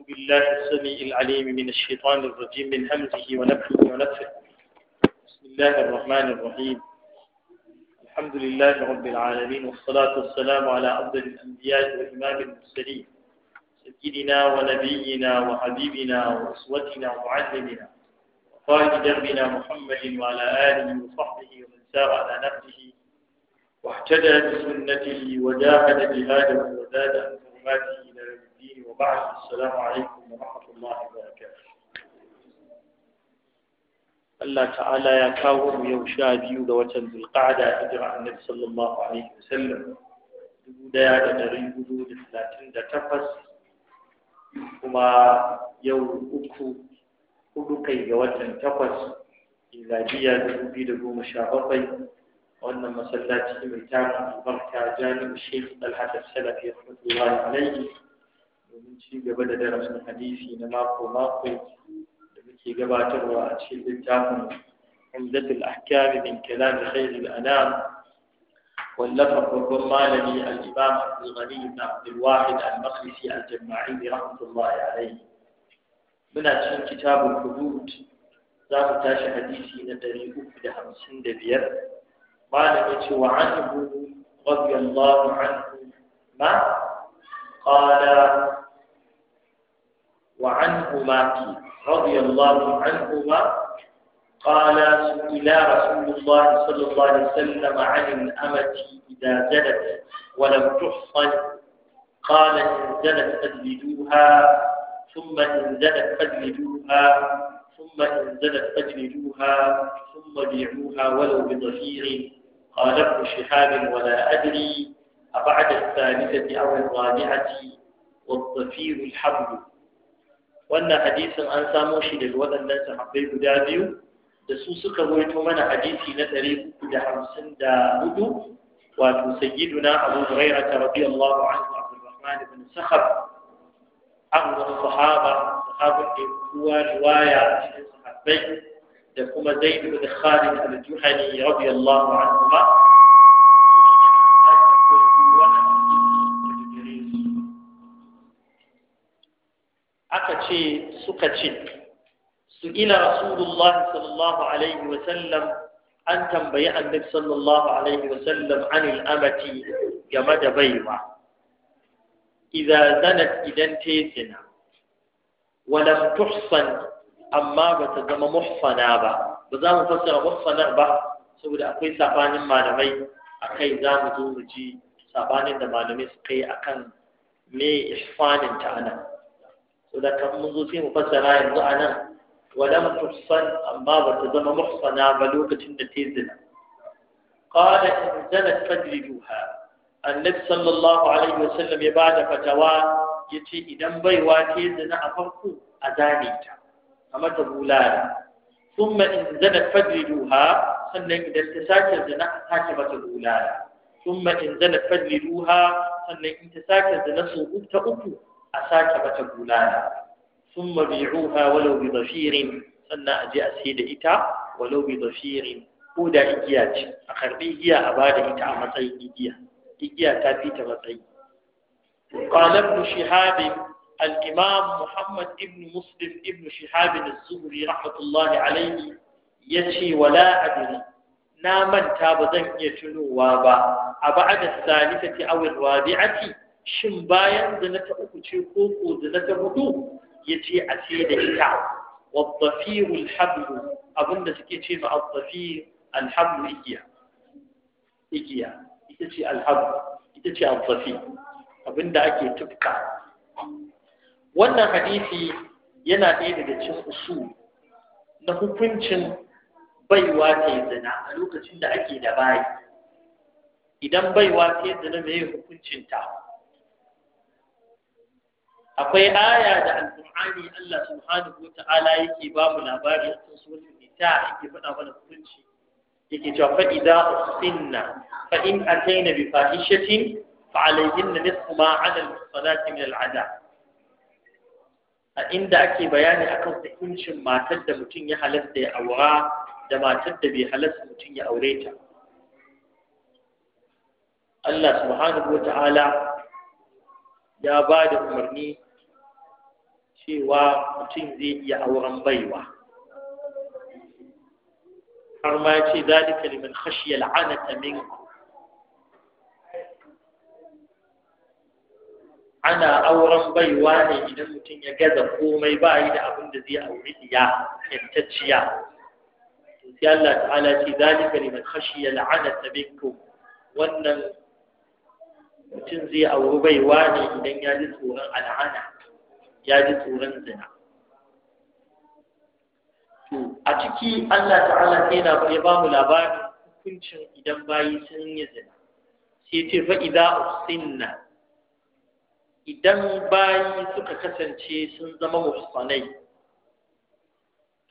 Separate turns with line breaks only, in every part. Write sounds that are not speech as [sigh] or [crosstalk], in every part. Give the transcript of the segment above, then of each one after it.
أعوذ بالله السميع العليم من الشيطان الرجيم من همزه ونفخه ونفخه بسم الله الرحمن الرحيم الحمد لله رب العالمين والصلاة والسلام على أفضل الأنبياء وإمام المرسلين سيدنا ونبينا وحبيبنا وأسوتنا ومعلمنا وقائد دربنا محمد وعلى آله وصحبه ومن سار على نفسه واحتدى بسنته وجاهد جهاده وزاد عن حرماته بعد السلام عليكم ورحمة الله وبركاته الله تعالى يا كاور يوشادي ودوتن بالقعدة القعدة عن النبي صلى الله عليه وسلم دودايا دنري ودود ثلاثين دتفس وما يو أكو أدوكي دوتن تفس إلا جيا دوبي دبو مشاغطي وأن مسلاتي من تعلم البركة جانب الشيخ الحسن السلفي رحمة الله عليه domin ci gaba da darasin hadisi na mako mako da muke gabatarwa a cikin littafin Umdatul Ahkam bin Kalam Khair al-Anam واللفظ وكل مالني الإمام عبد الغني بن عبد الواحد المقدسي الجماعي رحمة الله عليه من أجل كتاب الحدود ذاك تاشي حديثي ندري أكد همسين دبير لم يتي عنه رضي الله عنه ما قال وعنهما رضي الله عنهما قال إلى رسول الله صلى الله عليه وسلم عن الأمة إذا زلت ولم تحصن قال إن زلت فجلدوها ثم إن زلت فجلدوها ثم إن زلت فجلدوها ثم بيعوها ولو بضفير قال ابن شهاب ولا أدري أبعد الثالثة أو الرابعة والضفير الحبل wannan hadisin an samo shi daga waɗannan sahabbai guda biyu da su suka rawaito mana hadisi na ɗari uku da hamsin da hudu wato sayyiduna abu hurairah ta rabi allahu anhu abdurrahman ibn sakhab abu sahaba sahabin da kuwa riwaya cikin sahabbai da kuma zaid ibn khalid al-juhani radiyallahu anhu ce suka ce su ila rasulullah sallallahu alaihi wa sallam an tambayi annabi sallallahu alaihi wa sallam anil amati game da baiwa idza zanat idan ta zina walam tuhsan amma bata zama muhsana ba ba za mu fassara muhsanar ba saboda akwai sabanin malamai akai za mu zo mu ji sabanin da malamai suka yi akan me ihsanin ta anan da kan mun zo sai mu fassara yanzu a nan walam tuhsan amma ba ta zama muhsana ba lokacin da ta zina
qala in zanat
fajriduha annabi sallallahu alaihi wasallam ya bada fatawa yace idan baiwa ta zina a farko a zane ta a mata bulala thumma in zanat fajriduha sannan idan ta sake zina a sake mata bulala thumma in sannan uku a sake mata bulala sun ruha walau bi bashirin sannan a je a sai da ita walau bi bashirin ko da igiya ce a karbi igiya a ba da ita a matsayin igiya igiya ta fi ta matsayi
قال ابن شهاب
الإمام محمد ابن مسلم ابن شهاب الزهري رحمة الله عليه يشي ولا أدري نامن تاب ذنب يتنوى أبعد الثالثة أو الرابعة shin bayan zina ta uku ce ko ko zina ta hudu ya ce a ce da ita waddafiru alhablu abinda suke ce ma waddafiru alhablu igiya igiya ita ce alhablu ita ce waddafi abinda ake tufka wannan hadisi yana ɗaya daga cikin usul na hukuncin baiwa ta yi zina a lokacin da ake da bayi
idan baiwa ta yi
zina mai hukuncinta akwai aya da alqur'ani Allah subhanahu wata'ala yake ba mu labari a cikin suratul nisa yake faɗa mana hukunci yake cewa fa idza usinna fa in ataina bi fahishatin fa alayhinna nisfu ma 'ala al-muhsanati min al-'adab a inda ake bayani akan hukuncin matar da mutum ya halasta ya aura da matar da bai halasta mutum ya aure ta Allah subhanahu wata'ala ya ba da umarni cewa mutum zai iya auren baiwa har ma ya ce zalika liman khashiya la'anata min ana auren baiwa ne idan mutum ya gaza komai ba yi da abin da zai auri iya yantacciya sai Allah ta'ala ce zalika liman khashiya la'anata minkum wannan mutum zai auri baiwa ne idan ya ji tsoron al'ana ya ji tsoron zina to a ciki Allah ta'ala sai na ya ba mu labarin hukuncin idan bayi sun yi zina sai ce fa idza usinna idan bayi suka kasance sun zama muhsanai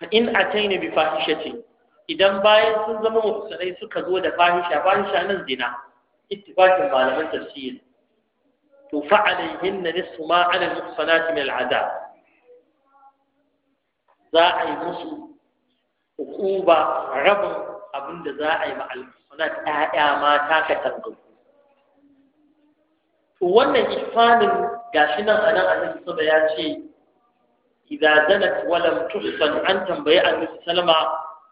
fa in ataina bi fahishatin idan bayan sun zama muhsanai suka zo da fahisha fahisha nan zina ittifaqin malaman tafsir to fa'alaihin na nisu ma ala nuqsanati za a yi musu hukuba rabin abin da za a yi ma al'uqsanat ƴaƴa mata ka tangabu to wannan ihsanin shi nan anan annabi saba ya ce idan zanat wa tuhsan an tambayi annabi sallama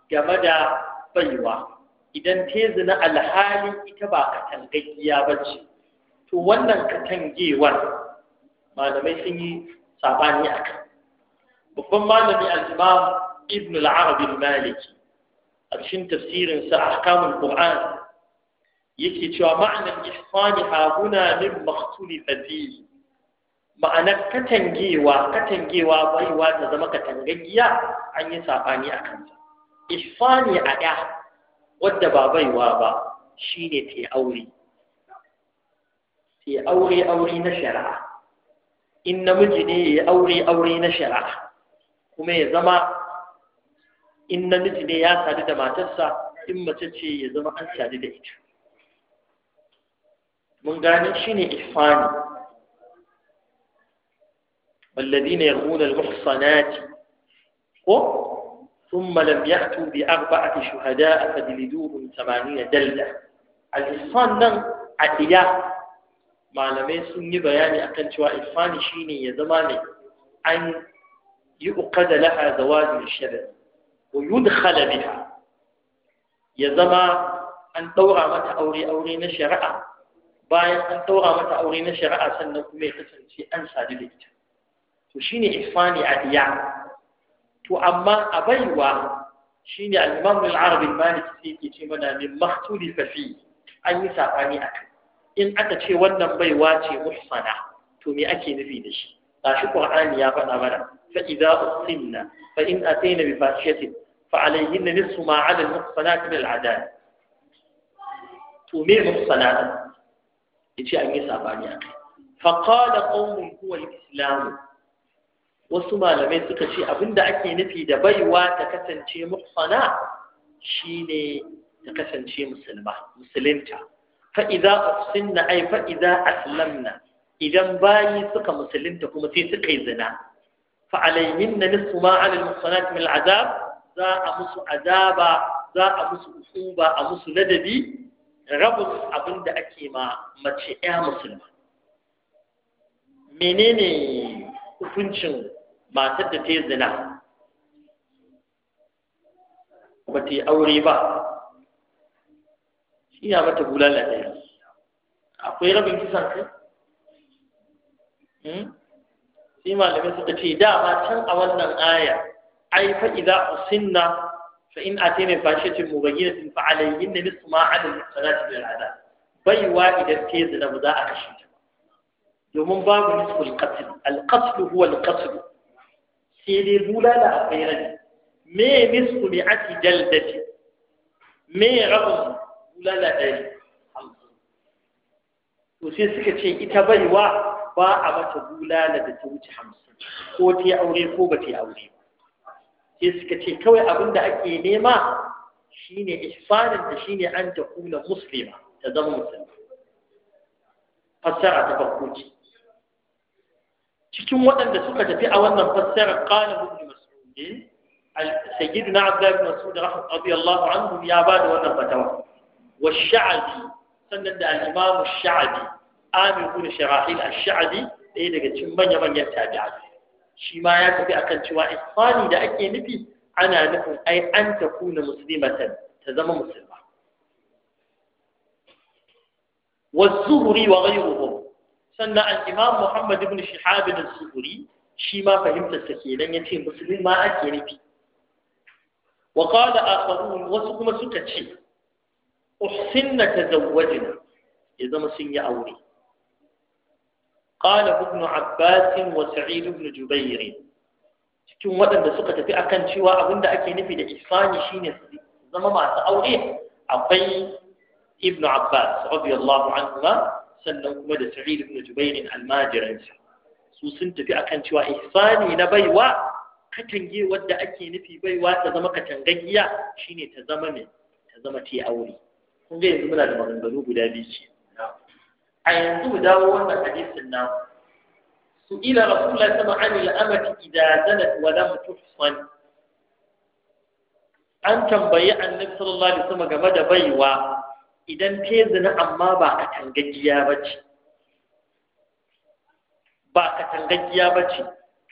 game da baiwa idan ta zina alhali ita ba katangaggiya ba ce to wannan katangewar malamai sun yi sabani a kan babban malami al-imam ibn al-arabi maliki a cikin tafsirin sa ahkamul qur'an yake cewa ma'anar ihsani ha huna min makhtulifa fihi ma'anar katangewa katangewa baiwa ta zama katangagiya an yi sabani a kansa ihsani a ɗaya wadda ba baiwa ba shine ta aure أوري أوري نشرع إن مجني أوري أوري نشرع كما يزمع إن مجني ياسادي دما تسا إما تتشي يزمع أنسادي ديت من قاني شيني إحفاني والذين يغون المحصنات و ثم لم يأتوا بأربعة شهداء فدلدوهم ثمانية دلة الإحصان نن عدياء malamai sun yi bayani akan cewa irfani shine ya zama ne an yi uqada laha zawajin shari'a wa yudkhala biha ya zama an ɗaura mata aure aure na shari'a bayan an ɗaura mata aure na shari'a sannan kuma ya kasance an sadu da ita to shine ihsani a iya to amma a baiwa shine al-imam al-arabi maliki sai yake ce mana min makhtulifa fi an yi sabani a in aka ce wannan baiwa ce muhsana to me ake nufi da shi Ga shi qur'ani ya faɗa mana fa idza usinna fa in atayna bi fahishatin fa alayhinna nisfu ma 'ala al-muhsanat min al-'adab to me muhsana yace an yi sabani akai fa qala qawmun huwa al-islam wasu malamai suka ce abinda ake nufi da baiwa ta kasance muhsana shine ta kasance musulma musulunta fa'iza na ai fa'iza aslamna idan bayi suka musulunta kuma sai suka yi zina Fa'alai, na nisu ma alal musanat azab za a musu azaba za a musu usuba a musu ladabi rabin abin da ake ma mace ya musulma menene hukuncin matar da ta yi zina ba ta yi aure ba shi ya mata bulala ɗaya akwai rabin kisan kai hmm? sai malamai suka ce ba can a wannan aya ai fa idza usinna fa in atayna fashatin tin fa ne nisfu ma ala salati da bil Bai wa idan ta zina ba za a kashe ta domin babu nisfu al-qatl al-qatl huwa al-qatl sai dai bulala akwai rabi me nisfu mi'ati jaldati me Dula bulala dai to sai suka ce ita baiwa ba a mata bulala da ta wuce hamsin ko ta yi aure ko ba ta yi aure ba sai suka ce kawai abin da ake nema shine ihsanin ta shine an ta kula muslima ta zama musulma fassara ta farko ce cikin waɗanda suka tafi a wannan fassara qala ibn mas'ud sayyidina abdullah ibn mas'ud rahmatullahi anhu ya bada wannan fatawa wa sha'abi sannan da al-imamu sha'abi kuna ibn a ash-sha'abi ɗaya daga cikin manya-manyan tabi'a shi ma ya tafi akan cewa ihsani da ake nufi ana nufin ai an ta kuna muslimatan ta zama musulma والزهري وغيرهم sannan al-imam Muhammad ibn Shihab al-Zuhri shi ma fahimtar ta kenan yace musulmi ma ake nufi wa qala akharun wasu kuma suka ce uhsinna tazawwajna ya zama sun yi aure qala ibn abbas wa sa'id ibn cikin waɗanda suka tafi akan cewa abinda ake nufi da ihsani shine zama masu aure akwai ibn abbas radiyallahu anhuma sannan kuma da sa'id ibn jubair almajiransa su sun tafi akan cewa ihsani na baiwa katange wanda ake nufi baiwa ta zama katangaggiya shine ta zama ne ta zama ta aure kun ga yanzu muna da maganganu guda biyu ce a yanzu mu dawo wannan hadisin na su ila rasulullahi sama an ila amati idza zanat wa lam tuhsan an tambayi annabi sallallahu alaihi wasallam game da baiwa idan ke zina amma ba a tangajiya ba ce ba a tangajiya ba ce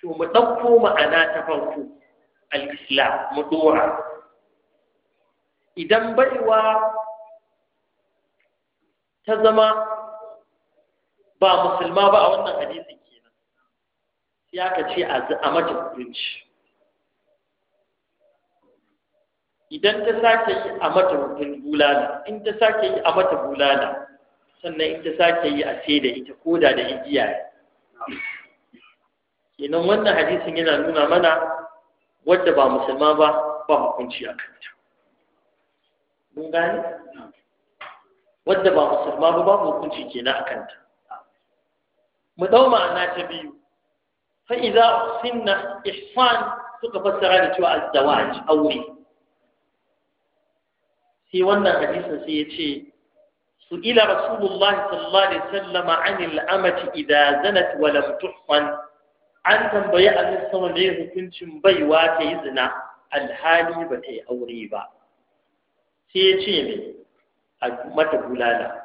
to mu ɗauko ma'ana ta farko al-islam mu dora idan baiwa ta zama ba musulma ba a wannan hadisin kenan ya aka ce a mata hukunci idan ta sake yi a mata bulala in ta sake yi a mata bulala sannan in ta sake yi a sai da ita koda da igiya kenan wannan hadisin yana nuna mana wadda ba musulma ba ba hukunci a kanta mun gane wadda ba musulma ba babu hukunci kenan akan kanta. mu dau ma'ana ta biyu fa idza sinna ihsan suka fassara da cewa azzawaj aure sai wannan hadisin sai ya ce سئل رسول الله صلى الله عليه وسلم عن الأمة إذا زنت ولم تحصن عن تنبيع أن hukuncin baiwa كنت yi zina, alhali ba ta yi aure ba sai ya ce mai a mata bulala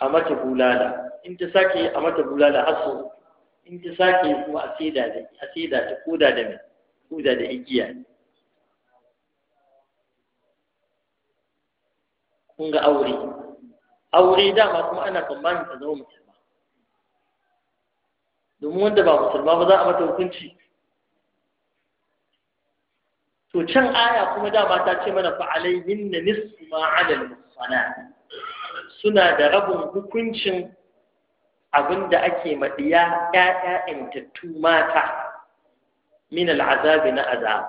a mata bulala in ta sake a mata bulala har in ta sake kuma a saida da a saida ta koda da mai koda da igiya kun ga aure aure dama kuma ana tsammanin ta zama musulma domin wanda ba musulma ba za a mata hukunci to can aya kuma dama ta ce mana fa alaihin na nisfu ma ala al suna da rabin hukuncin abin da ake maɗiya ‘ya'ya intattu mata min al'azabi na azab.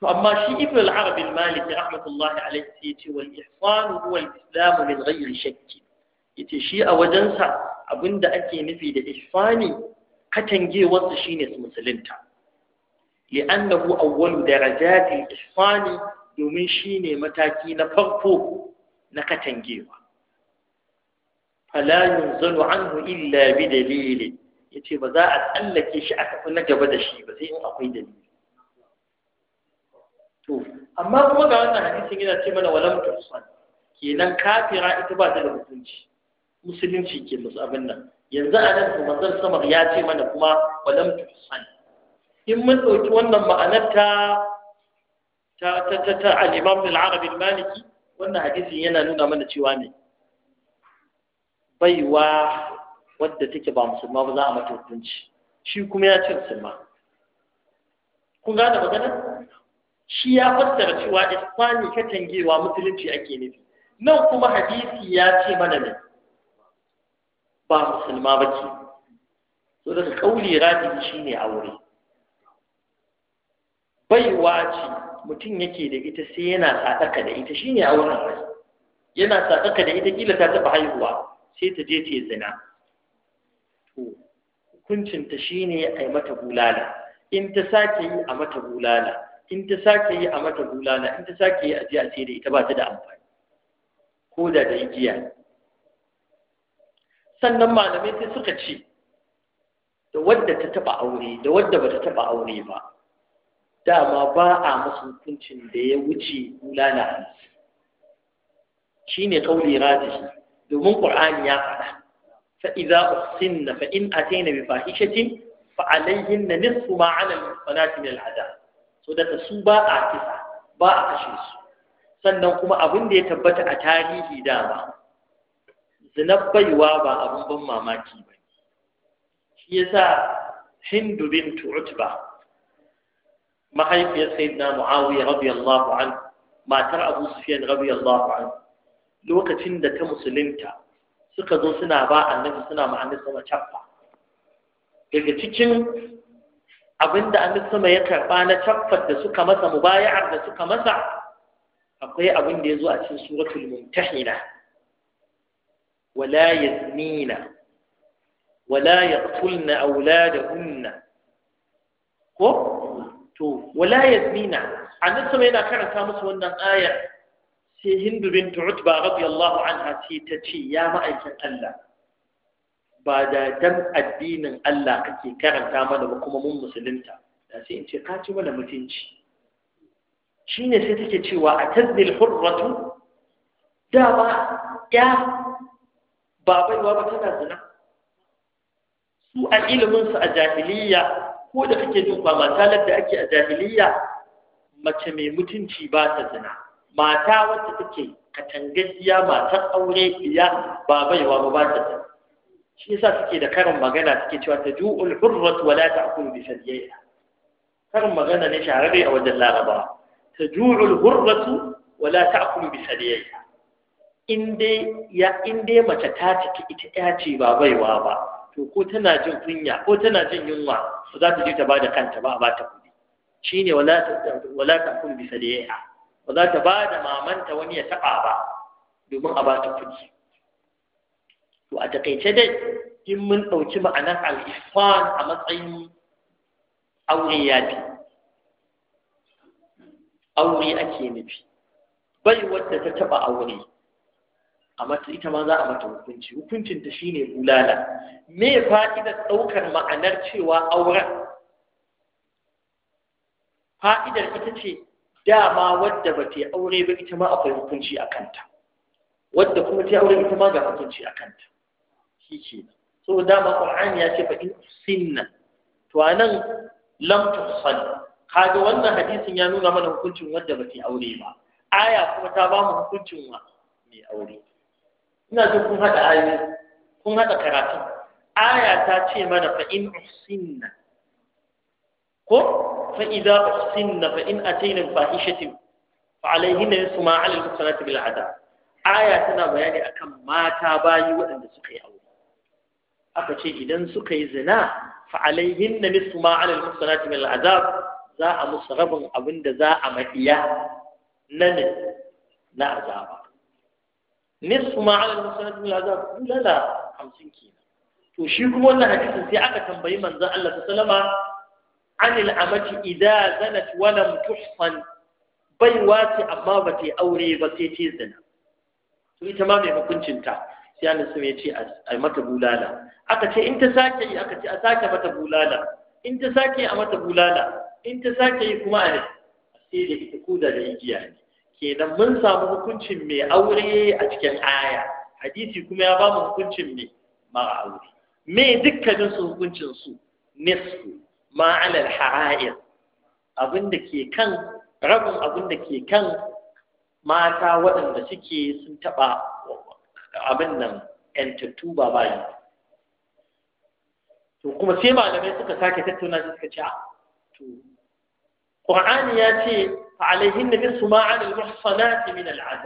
To, amma shi Ibn al'arabi maliki rahmatullahi alaihi sai ce wal ihsanu huwa islamu min ghairi shakki. Yace shi a wajensa abin da ake nufi da ihsani katangewarsa shine musulunta. li'annahu awwalu darajadin ihsani domin shine mataki na farko na katangewa fala yunzalu anhu illa bi dalili yace ba za a tsallake shi a tafi na gaba da shi ba sai in akwai dalili to amma kuma ga wannan hadisin yana ce mana walam tusan kenan kafira ita ba ta da hukunci musulunci ke musu abin nan yanzu a nan manzon sama ya ce mana kuma walam tusan in mun ɗauki wannan ma'anar ta ta ta ta al-imam al-arabi al-maliki wannan hadisin yana nuna mana cewa ne baiwa wadda take ba musulma ba za a mata hukunci shi kuma ya ce musulma kun gane magana shi ya fassara cewa isfani ka tangewa musulunci ake nufi nan kuma hadisi ya ce mana ne ba musulma ba ke. so daga kauli radihi shine aure baiwa ce mutum yake da ita sai yana sadaka da ita shine a wurin rai yana sadaka da ita kila ta taba haihuwa sai ta je ta zina to hukuncin ta shine a yi mata bulala in ta sake yi a mata bulala in ta sake yi a mata bulala in ta sake yi a je a sai da ita ba ta da amfani ko da da igiya sannan malamai sai suka ce da wadda ta taba aure da wadda ba ta taba aure ba dama ba a musu hukuncin da ya wuce na hamsin shi ne kauli shi, domin ƙur'ani ya faɗa fa idza na fa in ataina bi fahishatin fa alayhinna nisfu ma 'ala al-muhsanati min al-'adab so da su ba a kisa ba a kashe su sannan kuma abin da ya tabbata a tarihi dama zinabbaiwa baiwa ba abin ban mamaki ba shi yasa hindu bintu utba mahaifiyar sayyidina muawiya radiyallahu anhu matar abu sufyan radiyallahu lokacin da ta musulunta suka zo suna ba annabi suna ma sama cappa daga cikin abinda annabi sama ya karba na cappar da suka masa mubaya'ar da suka masa akwai abin da zo a cikin suratul mumtahina wala yaznina wala yaqtulna awladahunna ko to wala a annabi sama yana karanta musu wannan aya sai hindu bint utba radiyallahu anha sai ta ce ya ma'aikin Allah ba da dan addinin Allah kake karanta mana ba kuma mun musulunta da sai in ce ka ci mana mutunci shine sai take cewa a tazdil hurratu dama ya babaiwa ba tana zina su a iliminsu a jahiliya ko da kake jin kwa matalar da ake a jahiliya mace mai mutunci ba ta zina mata wacce take katangajiya matar aure iya ba baiwa ba ba ta zina shi yasa suke da karin magana suke cewa ta ju'ul hurrat wa la ta'kulu bi shadiyaiha karin magana ne sharabi a wajen Laraba. ta ju'ul hurrat wa la ta'kulu bi shadiyaiha in dai ya in dai mace ta ciki ita ya ce ba baiwa ba to ko tana jin kunya ko tana jin yunwa ba za ta je ta ba da kanta ba a ba ta kuɗi Shi ne wala ta kun da yaya. ba za ta ba da mamanta wani ya taba ba domin a ba ta kuɗi to a takaice dai in mun ɗauki ma'anar alifan a matsayin aure ya fi aure ake nufi bai wadda ta taɓa aure a ita ma za a mata hukunci hukuncin ta shine bulala me fa'idar ɗaukar ma'anar cewa auren fa'idar ita ce dama wadda ba ta aure ba ita ma akwai hukunci a kanta
wadda kuma ta aure ita ma
ga hukunci a kanta shi ke so dama ƙwar'an ya ce ba in sinna to anan lamtar tusal kaga wannan hadisin ya nuna mana hukuncin wadda ba ta aure ba aya kuma ta ba mu hukuncin wa mai aure ina jin kun haɗa ayoyi kun haɗa karatu aya ta ce mana fa in uhsinna ko fa idza uhsinna fa in atayna fahishatin fa alayhinna nisfu ma 'ala al-muhsanati bil 'adab aya tana bayani akan mata bayi waɗanda suka yi aure aka ce idan suka yi zina fa alayhinna nisfu ma 'ala al-muhsanati bil 'adab za a musu rabin abin da za a maɗiya na na azaba nisfu ma ala musannad min azab bulala hamsin kina. to shi kuma wannan hadisin sai aka tambayi manzon Allah sallama anil amati idza zanat wa lam tuhsan bai ce amma ba ta aure ba sai ce zina to ita ma mai hukuncin ta sai an sun ce a mata bulala aka ce in ta sake yi aka ce a sake mata bulala in ta sake a mata bulala in ta sake yi kuma a sai da ita kuda da igiya ne kenan mun samu hukuncin mai aure a cikin aya hadisi kuma ya ba mu hukuncin mai mara aure me dukkanin su hukuncin su nisfu ma alal ke kan rabin abin ke kan mata waɗanda suke sun taɓa abin nan ‘yantattu ba bayi to kuma sai malamai suka sake tattauna suka ce ah, to Qur'ani ya ce fa alaihin nabi su ma an al-muhsanati min al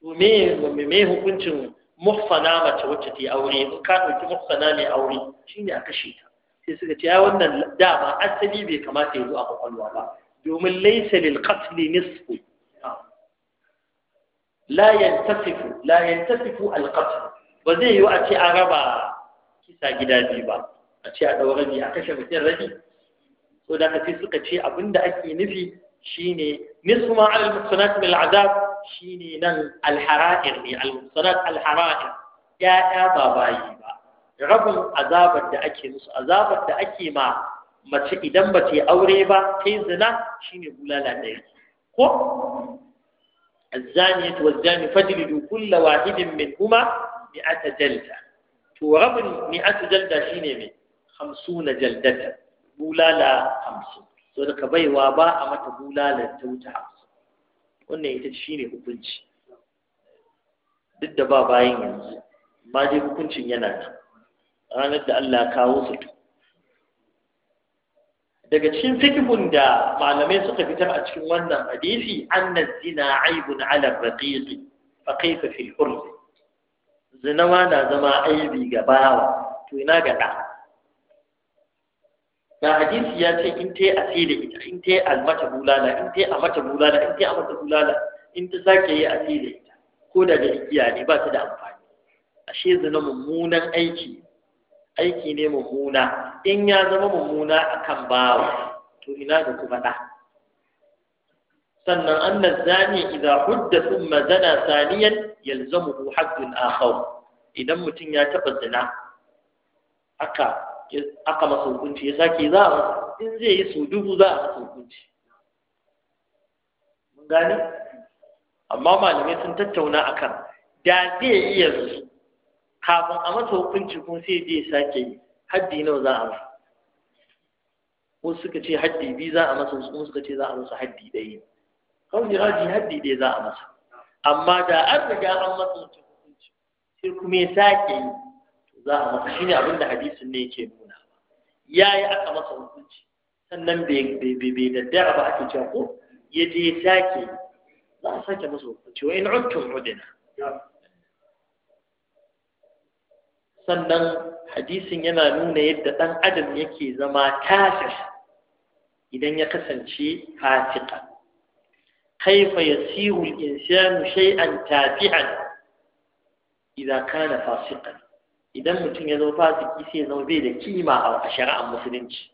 to me hukuncin muhsana mace wacce ta yi aure in ka ɗauki muhsana mai aure shine a kashe ta sai suka ce ya wannan dama asali bai kamata ya zo a kwakwalwa ba domin laisa lil qatli nisfu la yantasifu la yantasifu al qatl ba zai yi a ce an raba kisa gida biyu ba a ce a ɗau rabi a kashe mutum rabi so da sai suka ce abinda ake nufi shine nisfu ma al muhsanat min al shine nan al hara'ir ne al muhsanat al hara'ir ya ya ba bayi ba rabin azabar da ake musu azabar da ake ma mace idan ba ta aure ba ta zina shine bulala ɗaya ko الزانية والزاني فاجلدوا كل واحد منهما مئة جلدة تو رب مئة جلدة شيني من خمسون جلدة bulala hamsin so daga baiwa ba a mata bulala ta wuta hamsin wannan ita shi ne hukunci duk da ba bayan yanzu ma dai hukuncin yana da ranar da Allah kawo su daga cikin fikihun da malamai suka fitar a cikin wannan hadisi annan zina aibun ala raqiqi fa kaifa fil hurri zina ma na zama aibi ga bawa to ina ga da da hadisi ya ce in ta yi asiri ita in ta yi almata bulala in ta yi a mata bulala in ta yi a mata bulala in ta sake yi asiri ita ko da ga igiya ne ba ta da amfani ashe zina mummunan aiki aiki ne mummuna in ya zama mummuna akan bawa to ina da kuma da sannan annan zani idza hudda thumma zana saniyan yalzamuhu a akhar idan mutum ya taba zina aka aka masa hukunci ya sake za a in zai yi sau dubu za a masa hukunci mun gane amma malamai sun tattauna akan da zai iya su kafin a masa hukunci kuma sai zai sake yi haddi nawa za a masa wasu suka ce haddi biyu za a masa wasu suka ce za a masa haddi ɗaya kawai raji haddi ɗaya za a masa amma da an riga an masa hukunci sai kuma ya sake yi za a masa shine abin da hadisin ne yake nuna ya yi aka masa hukunci sannan bai da daddara ba ake cewa ko ya je sake za a sake masa hukunci wa in uttum udina sannan hadisin yana nuna yadda ɗan adam yake zama kafir idan ya kasance fasika kaifa yasiru al-insanu shay'an tafi'an idan kana fasikan idan mutum ya zama fasiki sai ya zama bai da kima a shari'ar musulunci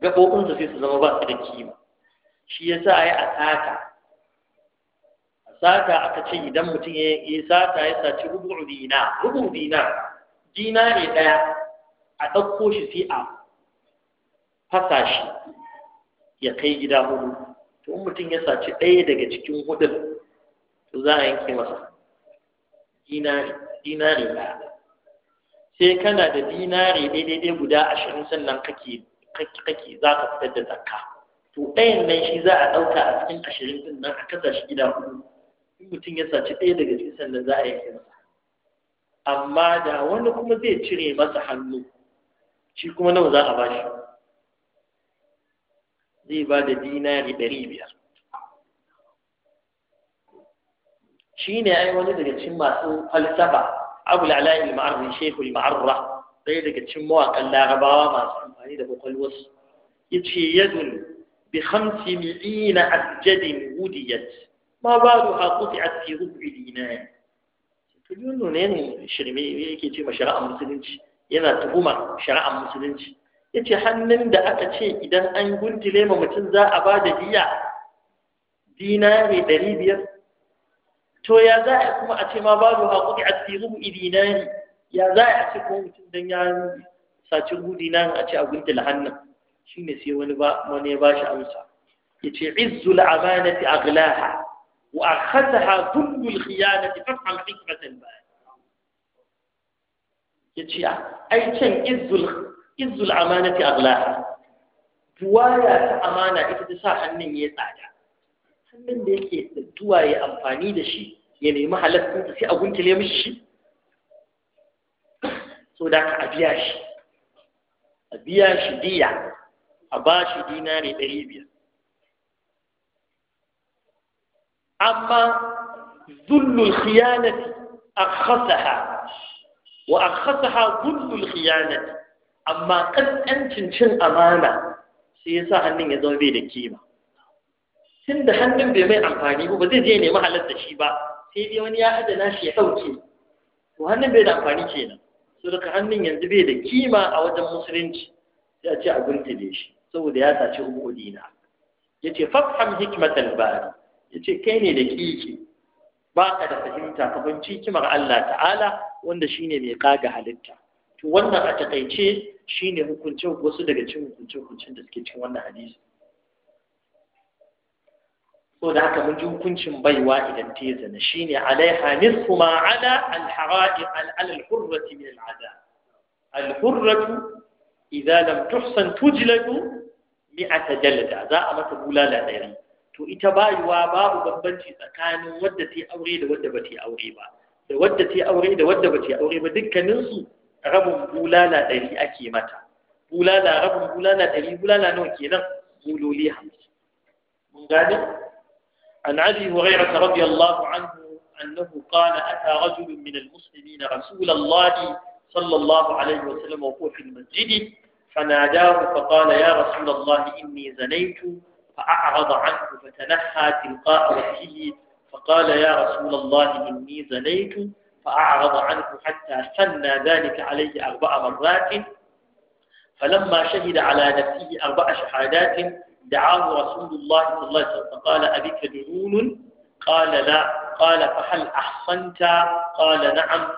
gaɓoɓinsa sai su zama ba su da kima shi ya sa ya asaka asaka aka ce idan mutum ya yi sata ya saci rubu dina rubu dina dina ne ɗaya a ɗauko shi sai a fasa shi ya kai gida hudu to mutum ya saci ɗaya daga cikin hudun to za a yanke masa dina ne dinari ba sai kana da dinari daidai guda ashirin sannan kake za ka fitar da zakka to ɗayan nan shi za a ɗauka a cikin ashirin din nan a kasa shi gida hudu in mutum ya saci ɗaya daga cikin sannan za a yi masa amma da wani kuma zai cire masa hannu shi kuma nawa za a bashi zai ba da dinari ɗari biyar shi ne ai wani daga cikin masu falsafa abu la'alayi ma'arrin shekul ma'arra Sai daga cikin mawaƙan larabawa masu amfani da kwakwalwarsu ya ce yadun bi hamsi mi'ina asjadin wudiyat ma ba da haƙuti a fi rubu dinar. to nuna ne shirme yake ce ma shari'ar musulunci yana tuhumar shari'ar musulunci ya ce hannun da aka ce idan an guntule ma mutum za a ba da diya dinari ɗari biyar to ya za a kuma a ce ma babu haƙuri a tsiru idinari ya za a ce kuma mutum don ya saci rudi nan a ce a gudun lahannan. shi ne sai wani wani ya bashi amsa ya ce izzul a aghlaha wa a akhataha dhullul khiyanati fafham hikmatan ba ya ce ah, ai can izzul izzul amanati aghlaha duwaya ta amana ita ta sa hannun ya tsada sannan da yake zuwa ya amfani da shi ya nemi halattunsa sai a guntule mishi shi so da ka a biya shi a biya shi diya a ba shi dinari ɗari biyar amma zullul khiyanati akhasaha wa akhasaha zullul khiyanati amma ƙanƙancin cin amana sai yasa hannun ya zama bai da kima sun da hannun bai mai amfani ba zai je nemi halar da shi ba sai dai wani ya adana shi ya ɗauke to hannun bai da amfani kenan so daga hannun yanzu bai da kima a wajen musulunci sai a ce a guntule shi saboda ya saci ubudina ya ce fafham hikmatan bari ya ce kai ne da kiki ba ka da fahimta ka kimar Allah ta'ala wanda shine mai kaga halitta to wannan a takaice shine hukuncin wasu daga cikin hukuncin da suke cikin wannan hadisi so da haka mun ji hukuncin baiwa idan ta yi zina shine alaiha nisfu ma ala alhara'i Al'alal, Hurrati, min al'ada alhurratu idza lam tuhsan tujladu mi'ata jalda za a mata bulala ɗari to ita bayuwa babu bambanci tsakanin wadda ta yi aure da wadda ba ta yi aure ba da wadda ta yi aure da wadda ba ta yi aure ba dukkaninsu rabin bulala ɗari ake mata bulala rabin bulala ɗari bulala nawa kenan buloli hamsin mun gane عن علي هريرة رضي الله عنه أنه قال أتى رجل من المسلمين رسول الله صلى الله عليه وسلم وهو في المسجد فناداه فقال يا رسول الله إني زنيت فأعرض عنه فتنحى تلقاء وجهه فقال يا رسول الله إني زنيت فأعرض عنه حتى سنى ذلك عليه أربع مرات فلما شهد على نفسه أربع شهادات دعاه رسول الله صلى الله عليه وسلم فقال أبك دعون قال لا قال فهل أحصنت قال نعم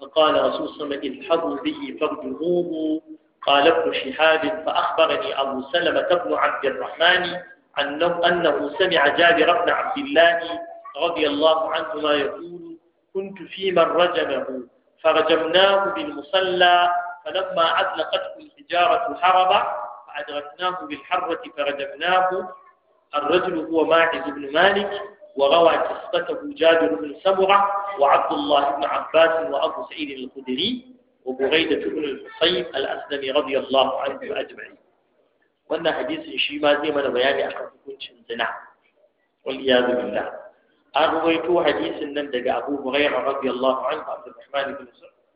فقال رسول صلى الله عليه وسلم الحظوا به فارجموه قال ابن شهاب فأخبرني أبو سلمة بن عبد الرحمن أنه, أنه سمع جابر بن عبد الله رضي الله عنهما يقول كنت في من رجمه فرجمناه بالمصلى فلما أطلقته الحجارة هرب أدركناه بالحرة فردمناه الرجل هو ماعز بن مالك وروى قصته جابر بن سمرة وعبد الله بن عباس وأبو سعيد الخدري وبغيدة بن الحصيب الأسلمي رضي الله عنه أجمعين وأن حديث شيء ما زي ما بياني أخذ كنت زنا والعياذ بالله أرويت حديث أن أبو هريرة رضي الله عنه عبد الرحمن بن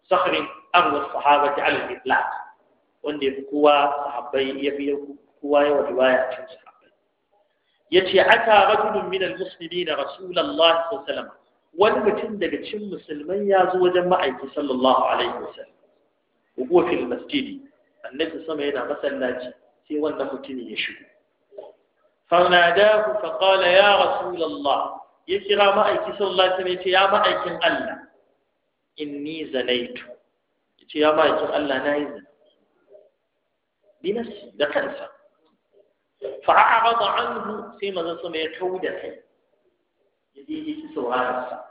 صخر أغنى الصحابة على الإطلاق wanda ya fi kowa sahabbai ya fi kowa yawa riwaya a cikin sahabbai yace aka rajulun min almuslimin rasulullahi sallallahu alaihi wani mutum daga cikin musulmai ya zo wajen ma'aiki sallallahu alaihi wasallam huwa fil masjidi annabi sama yana masallaci sai wannan mutumin ya shigo فناداه فقال يا رسول الله يكرا مأيك صلى الله عليه وسلم يا مأيك الله إني زنيت يا مأيك الله نايزن بنفسه ده كنسا فأعرض عنه سيما ذنصم يكود الحين يديه سوهانسا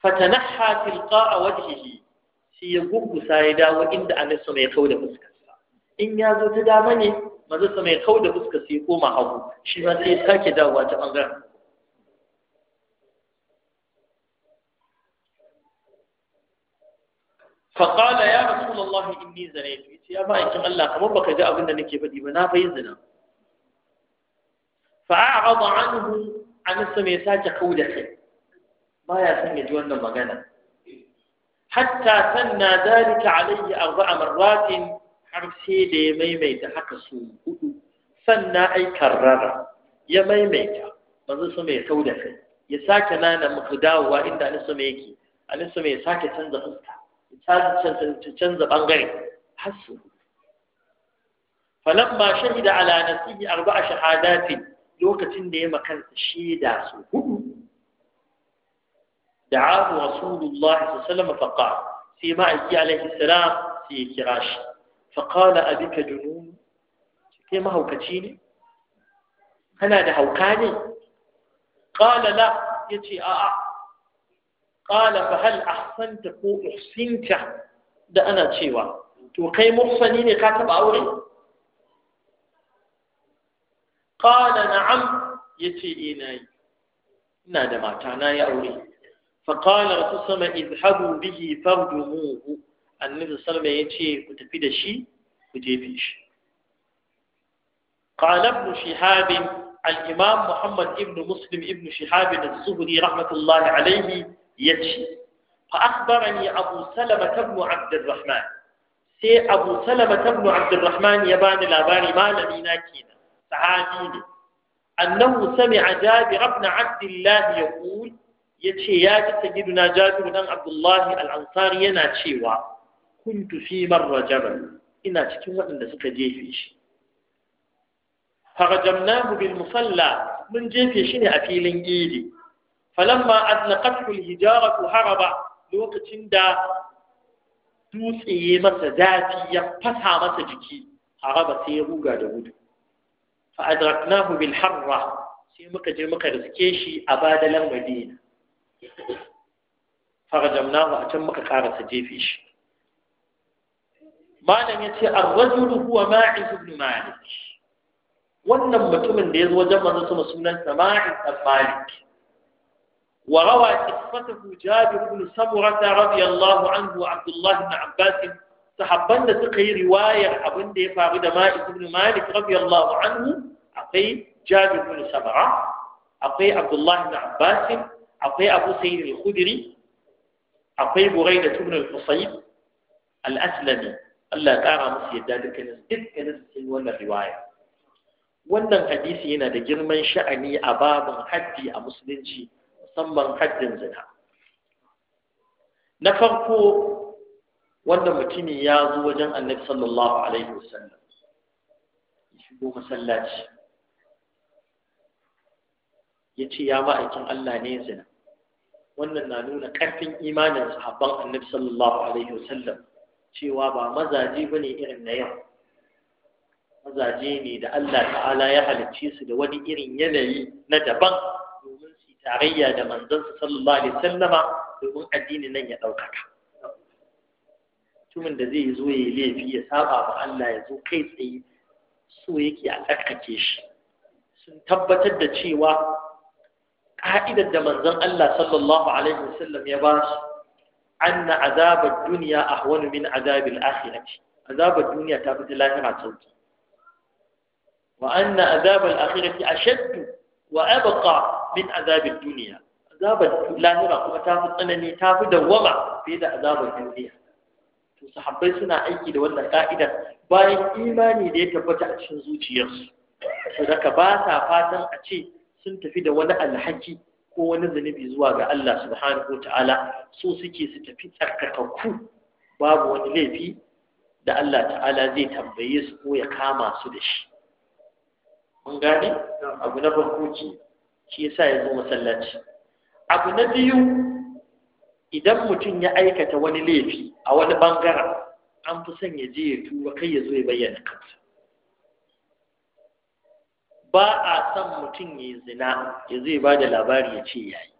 فتنحى تلقاء وجهه سيقوم سايدا وإن ده أنسم يكود فسكسا إن يازو تدامني ماذا سمع يكود فسكسا يقوم حبو شما سيساك داوات أنغرم
فقال ya رسول
الله اني زنيت يا بايكن الله kamar baka ji abin da nake fadi ba na fa yin zina فاعرض عنه عن السماء ساك قوله بايا san ya ji wannan magana حتى سنى ذلك عليه اربع مرات har sai da ya maimaita haka su hudu sanna ai karrara ya maimaita manzo sama ya kauda kai ya sake nana muku dawowa inda alisu mai yake alisu mai sake canza fuska canza bangare hasu falamma shahida ala nafsihi arba'a shahadatin lokacin da ya makanta shaida su hudu da'ahu rasulullah sallallahu alaihi wasallam faqala sai ma'aiki alaihi salam sai ya kira shi faqala abika junun kai mahaukaci ne kana da hauka ne qala la yace a'a qala fa hal ahsanta ko ihsinta da ana cewa to kai muhsani ne ka taba aure qala na'am yace ina eh, yi ina da mata na yi aure fa qala rasul sama izhabu bihi farjumuhu annabi sallama yace ku tafi da shi ku jefe shi قال ابن شهاب الإمام Muhammad Ibn مسلم Ibn Shihab الزهري رحمة Rahmatullahi عليه yace fa akhbarani abu salama ibn abd arrahman sai abu salama ibn abd arrahman ya bani labari malami na kenan sahabi ne annahu sami'a jabir ibn abd allah yaqul yace ya ji sayyiduna jabir dan abdullah al-ansari yana cewa kuntu fi marra jabal ina cikin waɗanda suka jefe shi farajamnahu bil musalla mun jefe shi ne a filin idi falamma azlaqathu alhijaratu haraba lokacin da dutse ya masa zafi ya fasa masa jiki haraba sai ya ruga da gudu fa adraknahu bil harra sai muka je muka riske shi a badalan madina farajamnahu a can muka karasa jefe shi malam ya ce ar-rajul huwa ma'is ibn malik wannan mutumin da ya zo wajen manzo sunan sa ma'is ibn malik وروى قصته جابر بن سمرة رضي الله عنه وعبد الله بن عباس sahabban da suka yi riwayar abin da ya faru da Malik ibn Malik radiyallahu anhu akwai Jabir ibn Sabra akwai Abdullah ibn Abbas akwai Abu Sa'id al-Khudri akwai Buraidah ibn al-Husayb al-Aslami Allah ya kara musu yadda dukkanin dukkanin sun wannan riwaya wannan hadisi yana da girman sha'ani a babin haddi a musulunci musamman haddin zina na farko wanda mutumi ya zo wajen annabi sallallahu alaihi wasallam shigo masallaci ya ce ya ma'aikin Allah ne zina wannan na nuna ƙarfin imanin sahabban annabi sallallahu alaihi wasallam cewa ba mazaje ba ne irin na yau mazaje ne da Allah ta'ala ya halicce su da wani irin yanayi na daban tarayya da manzansa sallallahu alaihi sallama domin addinin nan ya ɗaukaka mutumin da zai zo ya yi laifi ya saba ma Allah ya zo kai tsaye so yake a tsarkake shi sun tabbatar da cewa ka'idar da manzon Allah sallallahu alaihi wasallam ya ba su anna azabar duniya ahwanu min azabil akhirati azabar duniya ta fita lahira sauki wa anna azabal akhirati ashaddu wa abqa min azabin duniya azabar lahira kuma ta fi tsanani ta fi dawwama fiye da azabar duniya to sahabbai suna aiki da wannan ka'idar bayan imani da ya tabbata a cikin zuciyarsu to daga ba sa fatan a ce sun tafi da wani alhaki ko wani zunubi zuwa ga Allah subhanahu wa ta'ala so suke su tafi tsarkakakku babu wani laifi da Allah ta'ala zai tambaye su ko ya kama su da shi mun gane abu na farko ce shi yasa ya zo masallaci abu na biyu idan mutum ya aikata wani laifi a wani bangaren an fi son ya je ya tuba kai ya zo ya bayyana kansa ba a son mutum ya zina ya zai ba da labari ya ce ya yi.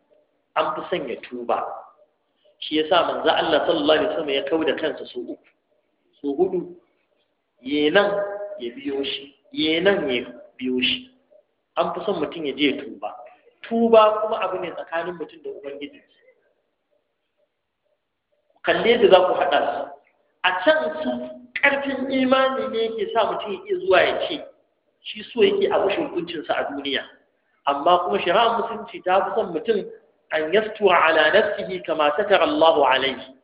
an fi son ya tuba shi ya sa manzo Allah sallallahu alaihi wasallam ya da kansa su uku su hudu yenan ya biyo shi yenan ya biyo shi an fi son mutum ya je ya tuba tuba kuma abu ne tsakanin mutum da ubangiji kalle da za ku haɗa su a can su ƙarfin imani ne ke sa mutum ya iya zuwa ya ce shi so yake a bushe hukuncinsa a duniya amma kuma shari'ar musulunci ta fi son mutum an yastuwa ala nafsihi kama satar Allahu alaihi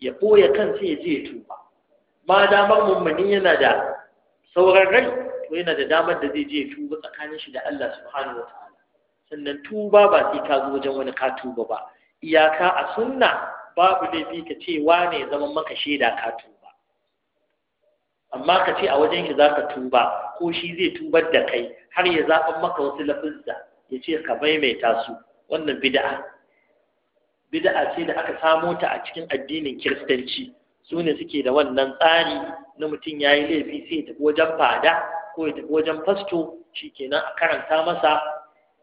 ya ɓoye kansa ya je ya tuba ma damar mummuni yana da sauran rai to yana da damar da zai je ya tuba tsakanin shi da Allah subhanahu wataala sannan tuba ba sai ka zo wajen wani ka tuba ba iyaka a sunna babu laifi ka ce wane zaman maka shaida ka tuba amma ka ce a wajen shi ka tuba ko shi zai tubar da kai har ya zaɓa maka wasu lafizza ya ce ka maimaita su wannan bid'a bid'a ce da aka samo ta a cikin addinin kiristanci su ne suke da wannan tsari na mutum ya yi laifi sai ya tafi wajen fada ko ya tafi wajen fasto shi kenan a karanta masa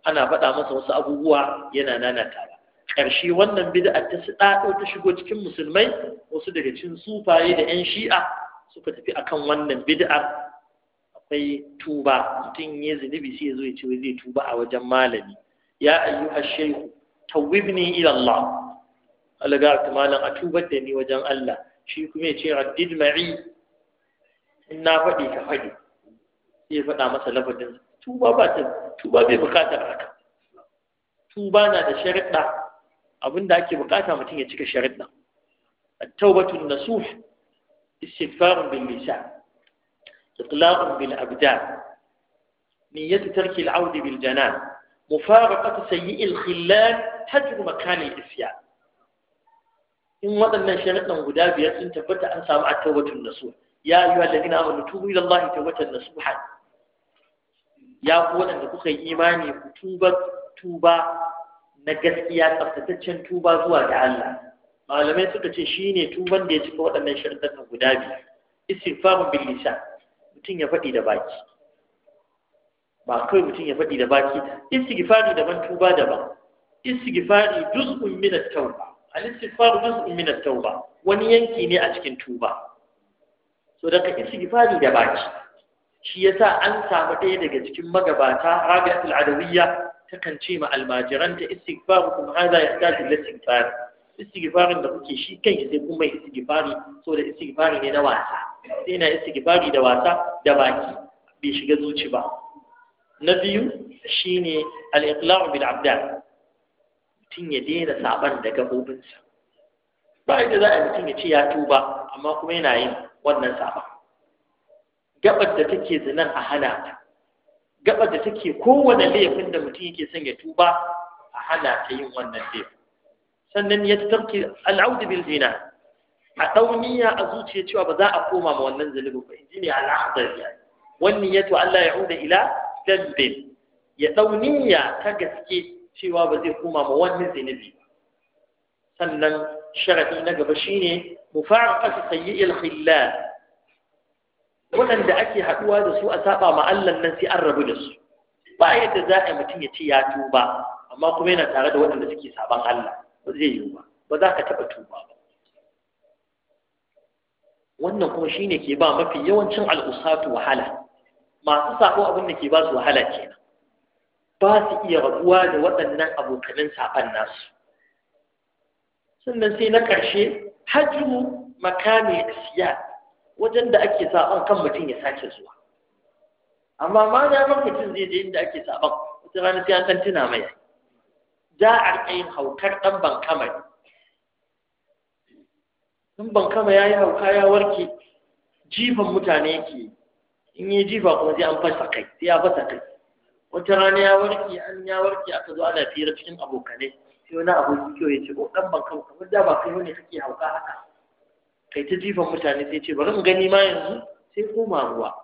ana faɗa masa wasu abubuwa yana nanata ba ƙarshe wannan bid'a ta su ɗaɗo ta shigo cikin musulmai wasu daga cikin sufaye da 'yan shi'a suka tafi akan wannan bid'ar akwai tuba mutum ya zunubi sai ya zo ya ce zai tuba a wajen malami ya ayyu shaykhu tawwibni ila Allah alaga malam a tubar da ni wajen Allah shi kuma ya ce raddid ma'i in na faɗi ka faɗi sai ya faɗa masa lafadin tuba bai buƙatar haka tuba na da sharuɗa abinda ake buƙata mutum ya cika sharuɗa at-tawbatun nasuh istighfarun bil lisan iqla'un bil abdan niyyatu tarki al-'awd bil janan mufaraqatu in waɗannan sharuɗan guda biyar sun tabbata an samu at-tawbatun ya ayyuhal ladina amanu tubu ila Allah tawbatan nasuha ya ku waɗanda kuka yi imani ku tuba tuba na gaskiya tsaftataccen tuba zuwa ga Allah malamai suka ce shine tuban da ya cika waɗannan sharuɗan guda biyu istighfarun bil lisan mutum ya faɗi da baki ba kai mutum ya faɗi da baki istighfari daban tuba daban istighfari juz'un min at-tauba al-istighfaru juz'un min at-tauba wani yanki ne a cikin tuba so ka istighfari da baki shi yasa an samu ɗaya daga cikin magabata rabi'atul adawiyya kan ce ma almajiranta istighfarukum hadha yahtaju ila istighfar istighfarin da kuke shi kanki sai kuma istighfari so da istighfari ne na wasa sai na istighfari da wasa da baki bai shiga zuci ba na biyu shine al-iqla'u bil abdan mutum ya daina saban da gabobinsa ba yadda za a mutum ya ce ya tuba amma kuma yana yin wannan saban gabar da take zinar a hana ta gabar da take kowane laifin da mutum yake son ya tuba a hana ta yin wannan laifin sannan ya tarki al'audu bil zina a dauniya a zuciya cewa ba za a koma ma wannan zalibin ba inji ne al'adari wannan ya to Allah ya uda ila dambin ya dauniya ta gaske cewa ba zai koma ma wannan zalibi sannan sharadi na gaba shine mufaraqatu sayyi'il khillal waɗanda ake haɗuwa da su a saba ma Allah nan sai an rabu da su ba yadda za a mutum ya ce ya tuba amma kuma yana tare da waɗanda suke saban Allah ba zai yiwu ba ba za ka taɓa tuba ba wannan kuma shine ke ba mafi yawancin al'usatu wahala masu saɓo abin da ke ba su wahala kenan ba su iya rabuwa da waɗannan abokanin saɓan nasu sannan sai na ƙarshe hajju makami siya wajen da ake saban kan mutum ya sake zuwa amma ma da ban mutum zai je inda ake saban wata rana sai an san tuna mai za a rika yin haukar ɗan ban kamari in ban kama ya yi hauka ya warke jifan mutane yake in yi jifa kuma sai an fasa kai sai ya fasa kai wata rana ya warke an ya warke aka zo ana fira cikin abokanai sai wani abokin kyau ya ce ko ɗan ban kama kamar da ba kai wani kake hauka haka kai ta jifan mutane sai ce bari mu gani ma yanzu sai koma ruwa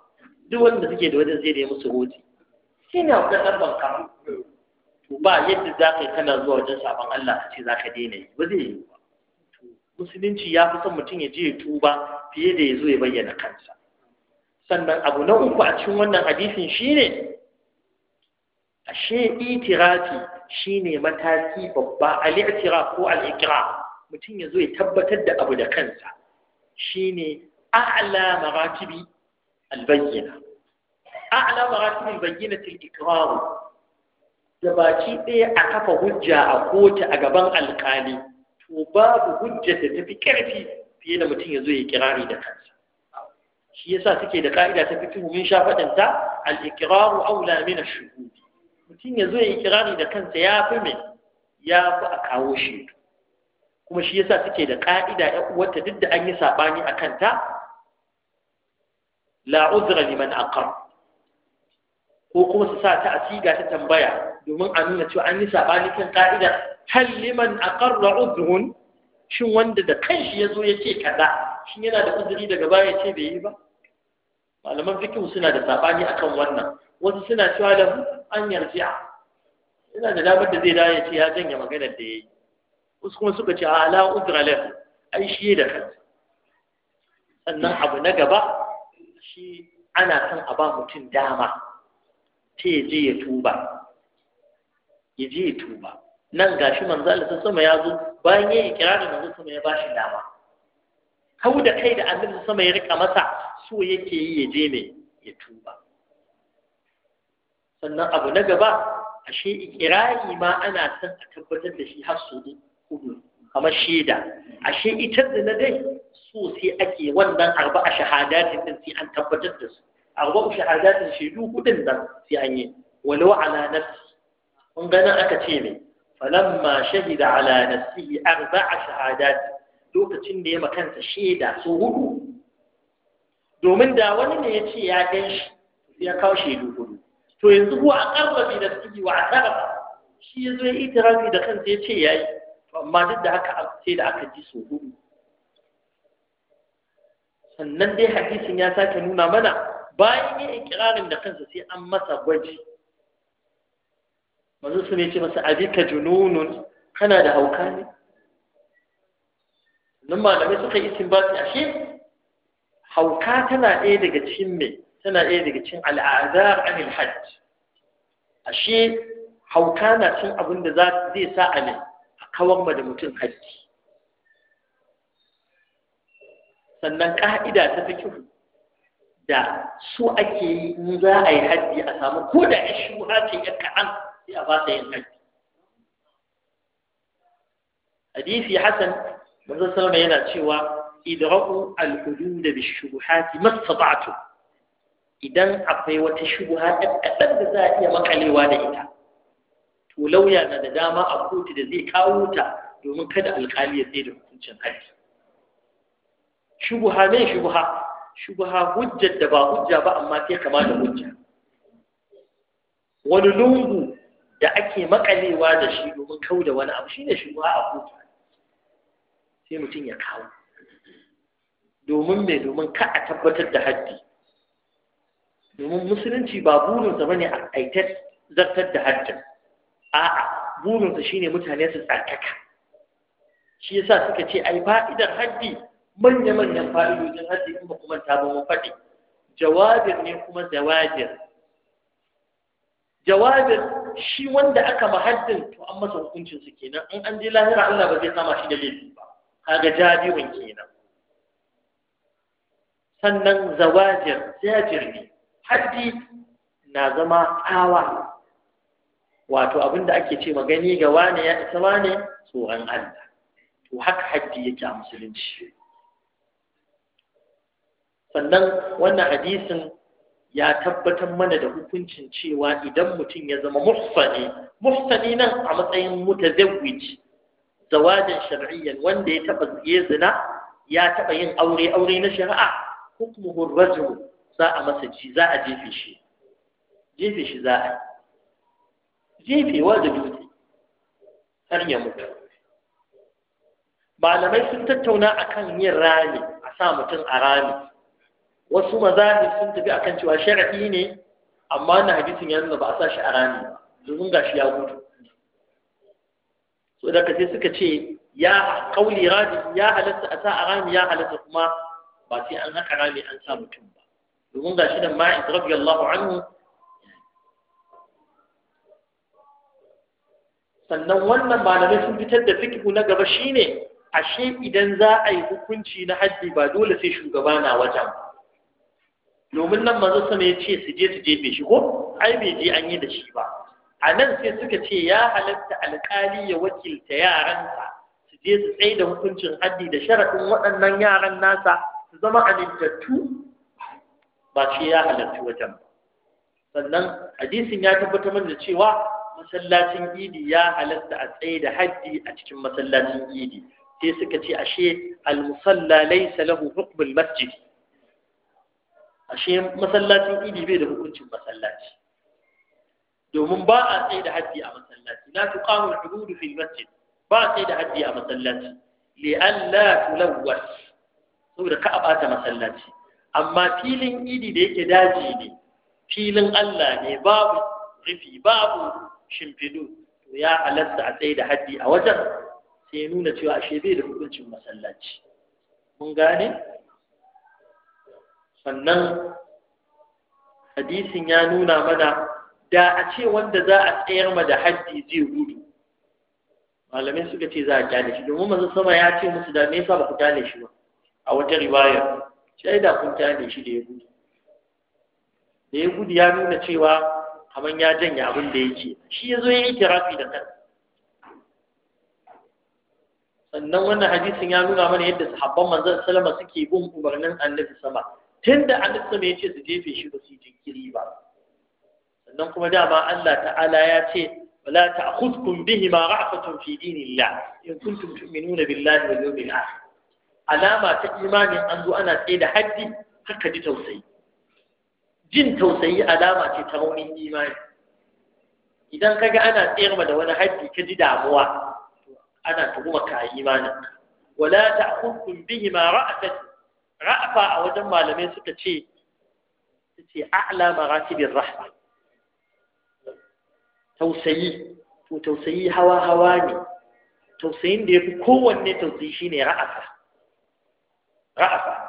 duk wanda suke da wajen sai da ya musu hoti shi ne akwai kama to ba yadda za ka yi kana zuwa wajen sabon Allah ka ce za ka daina yi ba zai yi ba musulunci ya fi son mutum ya je ya tuba fiye da ya zo ya bayyana kansa sannan abu na uku a cikin wannan hadisin shine ashe itirafi shine mataki babba al ko alikira mutum ya zo ya tabbatar da abu da kansa shine a'la maratibi albayyana a'la maratibi albayyana til da baki ɗaya a kafa hujja a kotu a gaban alkali to babu hujja da tafi karfi fiye da mutum ya zo ya kirari da kansa shi yasa suke da ka'ida ta fikihu mun sha ta al-iqraru awla min ash-shuhud mutum ya zo ya kirari da kansa ya fi me ya fi a kawo shi kuma shi yasa suke da ƙa'ida ya uwarta duk da an yi saɓani a kanta la liman aqam ko kuma su sa ta siga ta tambaya domin a nuna cewa an yi saɓani kan ka'idar hal liman aqarra uzrun shin wanda da kanshi ya ce kaza shin yana da uzuri daga baya ce bai yi ba malaman fikin suna da saɓani a kan wannan wasu suna cewa da an yarji'a yana da damar da zai da ya ce ya janye maganar da ya yi wasu kuma suka ce ala udralan ai shi da kansa sannan abu na gaba shi ana san a ba mutum dama ta ya je ya tuba ya je ya tuba nan gashi manzo Allah sama ya zo bayan ya ikirarin manzo sama ya bashi dama Kau da kai da annabi sama ya rika masa so yake yi ya je ne ya tuba sannan abu na gaba ashe ikirari ma ana san a tabbatar da shi har su kamar shaida ashe ita na dai so sai ake wannan arba a shahadatin din sai an tabbatar da su arba a shahadatin shaidu hudun nan sai an yi walau ala nafsi kun ganin aka ce me falamma shahida ala nafsihi arba a shahadat lokacin da ya makanta shaida so hudu domin da wani ne ya ce ya gan shi ya kawo shaidu hudu to yanzu ko a karba bi nafsihi wa a shi ya zo ya itirafi da kansa ya ce ya yi amma duk da haka sai da aka ji so hudu sannan dai hadisin ya sake nuna mana bayan yin ikirarin da kansa sai an masa gwaji manzo su ne ce masa abika jununun kana da hauka ne nan malamai suka yi istinbati ashe hauka tana ɗaya daga cikin me tana ɗaya daga cikin al'adar anil hajj ashe hauka na cin abin da zai sa a ne kawar ma da mutum haddi sannan ƙa'ida ta fikihu da su ake yi in za a yi haddi a samu ko da ya shuha ce ya kaɗan sai a fasa yin haddi hadisi hasan manzo sallama yana cewa idra'u al-hudud bi-shubuhat mastata'tum idan akwai wata shubha ɗan kaɗan da za a iya makalewa da ita to lauya na da dama a kotu da zai kawo ta domin kada alƙali ya tsaye da hukuncin haji shubuha ne shubuha shubuha hujjar da ba hujja ba amma sai kama da hujja wani lungu da ake makalewa da shi domin kau da wani abu shine shubuha a kotu sai mutum ya kawo domin mai domin ka a tabbatar da haddi domin musulunci ba burinsa bane a aitar zartar da haddin a'a burinsa shine mutane su tsarkaka shi yasa suka ce ai fa'idar haddi manya-manyan fa'idojin haddi in ba kuma ta ba mu faɗi Jawabin ne kuma jawabin Jawabin shi wanda aka mahaddin to an masa hukuncin su kenan in an je lahira Allah ba zai sama shi da laifi ba kaga jabiwan kenan sannan zawajir jajir ne haddi na zama tsawa wato abinda ake ce magani ga wane ya isa wane tsoron Allah to haka haddi yake a musulunci sannan wannan hadisin ya tabbatar mana da hukuncin cewa idan mutum ya zama muhsani muhsani nan a matsayin mutazawwij zawajin shar'iyyan wanda ya taba zina ya taba yin aure aure na shari'a hukmuhu rajul za a masa ji za a jefe shi jefe shi za a jefewa da dutse har ya mutu malamai sun tattauna akan yin rami a sa mutum a rami wasu mazahib sun tafi akan cewa sharaɗi ne amma na hadisin ya nuna ba a sa shi a rami ba domin gashi ya gudu so da sai suka ce ya kauli rami ya halatta a sa a rami ya halatta kuma ba sai an haka rami an sa mutum ba domin gashi nan ma'in Allahu anhu sannan wannan malamai sun fitar da fikihu na gaba shine ashe idan za a yi hukunci na Hajji ba dole sai shugaba na wajen domin nan manzo sama ya ce su je su jefe shi ko ai bai je an yi da shi ba a nan sai suka ce ya halatta alƙali ya wakilta yaransa su je su tsaye da hukuncin haddi da sharaɗin waɗannan yaran nasa su zama alintattu ba ce ya halatta wajen sannan hadisin ya tabbatar mana cewa masallacin idi ya halatta a tsaye da haddi a cikin masallacin idi sai suka ce ashe al-musalla laysa lahu hukmul masjid ashe masallacin idi bai da hukuncin masallaci domin ba a tsaye da haddi a masallaci la tuqamu al-hudud fi masjid ba a tsaye da haddi a masallaci li'alla tulawwas saboda ka a bata masallaci amma filin idi da yake daji ne filin Allah ne babu rufi babu shimfidu to ya halatta a tsaye da haddi a wajen sai ya nuna cewa ashe bai da hukuncin masallaci mun gane sannan hadisin ya nuna mana da a ce wanda za a tsayar ma da haddi zai gudu malamai suka ce za a gane shi domin mazan sama ya ce musu da me yasa ba ku gane shi ba a wata riwaya sai da kun gane shi da ya gudu da ya gudu ya nuna cewa kamar ya janye abin da ya ce, shi ya zo ya yi tirafi da kansa sannan wannan hadisin ya nuna mana yadda sahabban manzon sallama suke bin umarnin annabi sama tunda annabi sama ya ce su jefe shi ba su yi jinkiri ba sannan kuma dama Allah ta'ala ya ce wala ta'khudkum bihima ra'fatun fi dinillah in kuntum tu'minuna billahi wal yawmil akhir alama ta imanin an zo ana tsaye da haddi haka ji tausayi jin tausayi alama ce ta raunin imani idan ka ga ana tsayar da wani haddi ka ji damuwa ana tuhuma ka imanin wala ta hukun bihi ma ra'afat ra'afa a wajen malamai suka ce suke a'la maratibir rahma tausayi to tausayi hawa hawa ne tausayin da yafi kowanne tausayi shine ra'afa ra'afa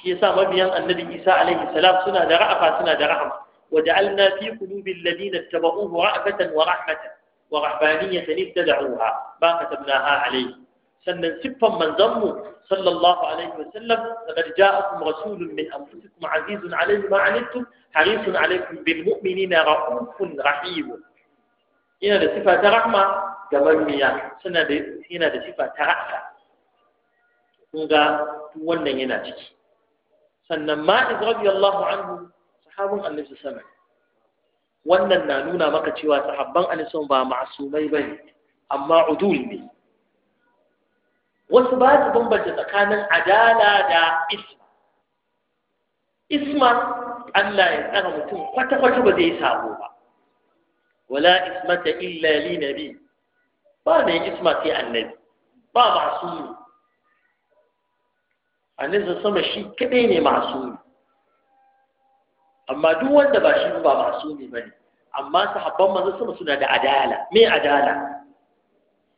shi yasa mabiyan annabi Isa alaihi salam suna da ra'afa suna da rahama وجعلنا في قلوب الذين اتبعوه رأفة ورحمة ورحبانية ابتدعوها ما كتبناها عليه سنن سبا من ذمه صلى الله عليه وسلم لقد جاءكم رسول من أنفسكم عزيز عليه ما عنتم حريص عليكم بالمؤمنين رؤوف رحيم هنا ده صفة رحمة جمالية سنة هنا ده صفة رحمة kunga wannan yana ciki sannan ma'iz radiyallahu anhu sahabin annabi sallallahu wannan na nuna maka cewa sahabban annabi ba ma'asumai ne, amma udul ne wasu ba su bambanta tsakanin adala da isma isma Allah ya tsara mutum kwata-kwata ba zai sabo ba wala ismata illa li nabi ba mai isma sai annabi ba ma'asumi annabi sama shi kadai ne masumi amma duk wanda ba shi ba masumi bane amma sahabban manzo sama suna da adala me adala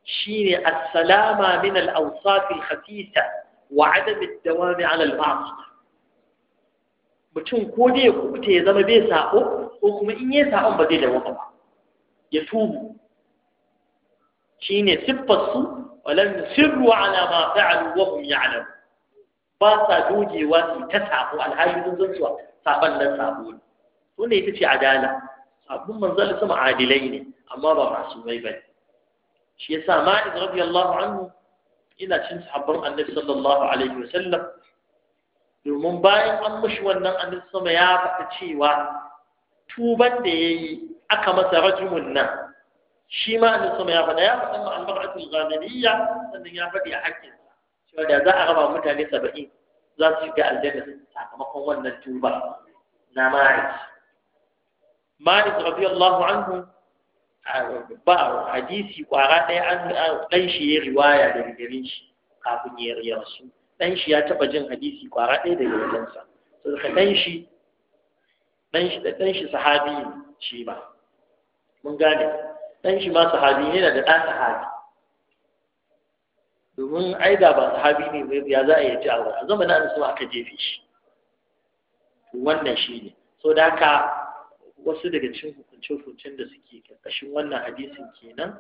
shine as-salama min al-awsaf al-khafisa wa adam ad-dawam 'ala al-ma'siyah mutum ko dai ya kubuta ya zama bai sabo ko kuma in ya sabon ba zai dawo ba ya tubu shine siffar su walam yusirru ala ma fa'alu wa hum ya'lamun ba sa dogewa su ta sabo alhali sun san cewa saban nan sabo ne to ne ita ce adala abun manzal sama adilai ne amma ba masu bai bane shi yasa malik radiyallahu anhu ina cin sahabban annabi sallallahu alaihi wa sallam domin bayan an mushi wannan annabi sama ya faɗa cewa tuban da yi aka masa rajumun nan shi ma annabi sama ya faɗa ya faɗa ma al-mar'atul ghanabiyya sannan ya faɗi a hakkin cewa da za a raba mutane saba'in za su shiga aljanna sakamakon wannan tuba na ma'aik ma'aik radiyallahu anhu ba hadisi kwara ɗaya an ɗan shi ya riwaya daga garin shi kafin ya yarsu ɗan shi ya taɓa jin hadisi kwara ɗaya daga wajensa to ka ɗan shi ɗan shi ɗan shi sahabi shi ba mun gane ɗan shi ma sahabi yana da ɗan sahabi domin Aida da ba sahabi ne ya za a yi ci a zama na so aka jefe shi wannan shi ne. so da wasu daga cin hukuncin hukuncen da suke karkashin wannan hadisin kenan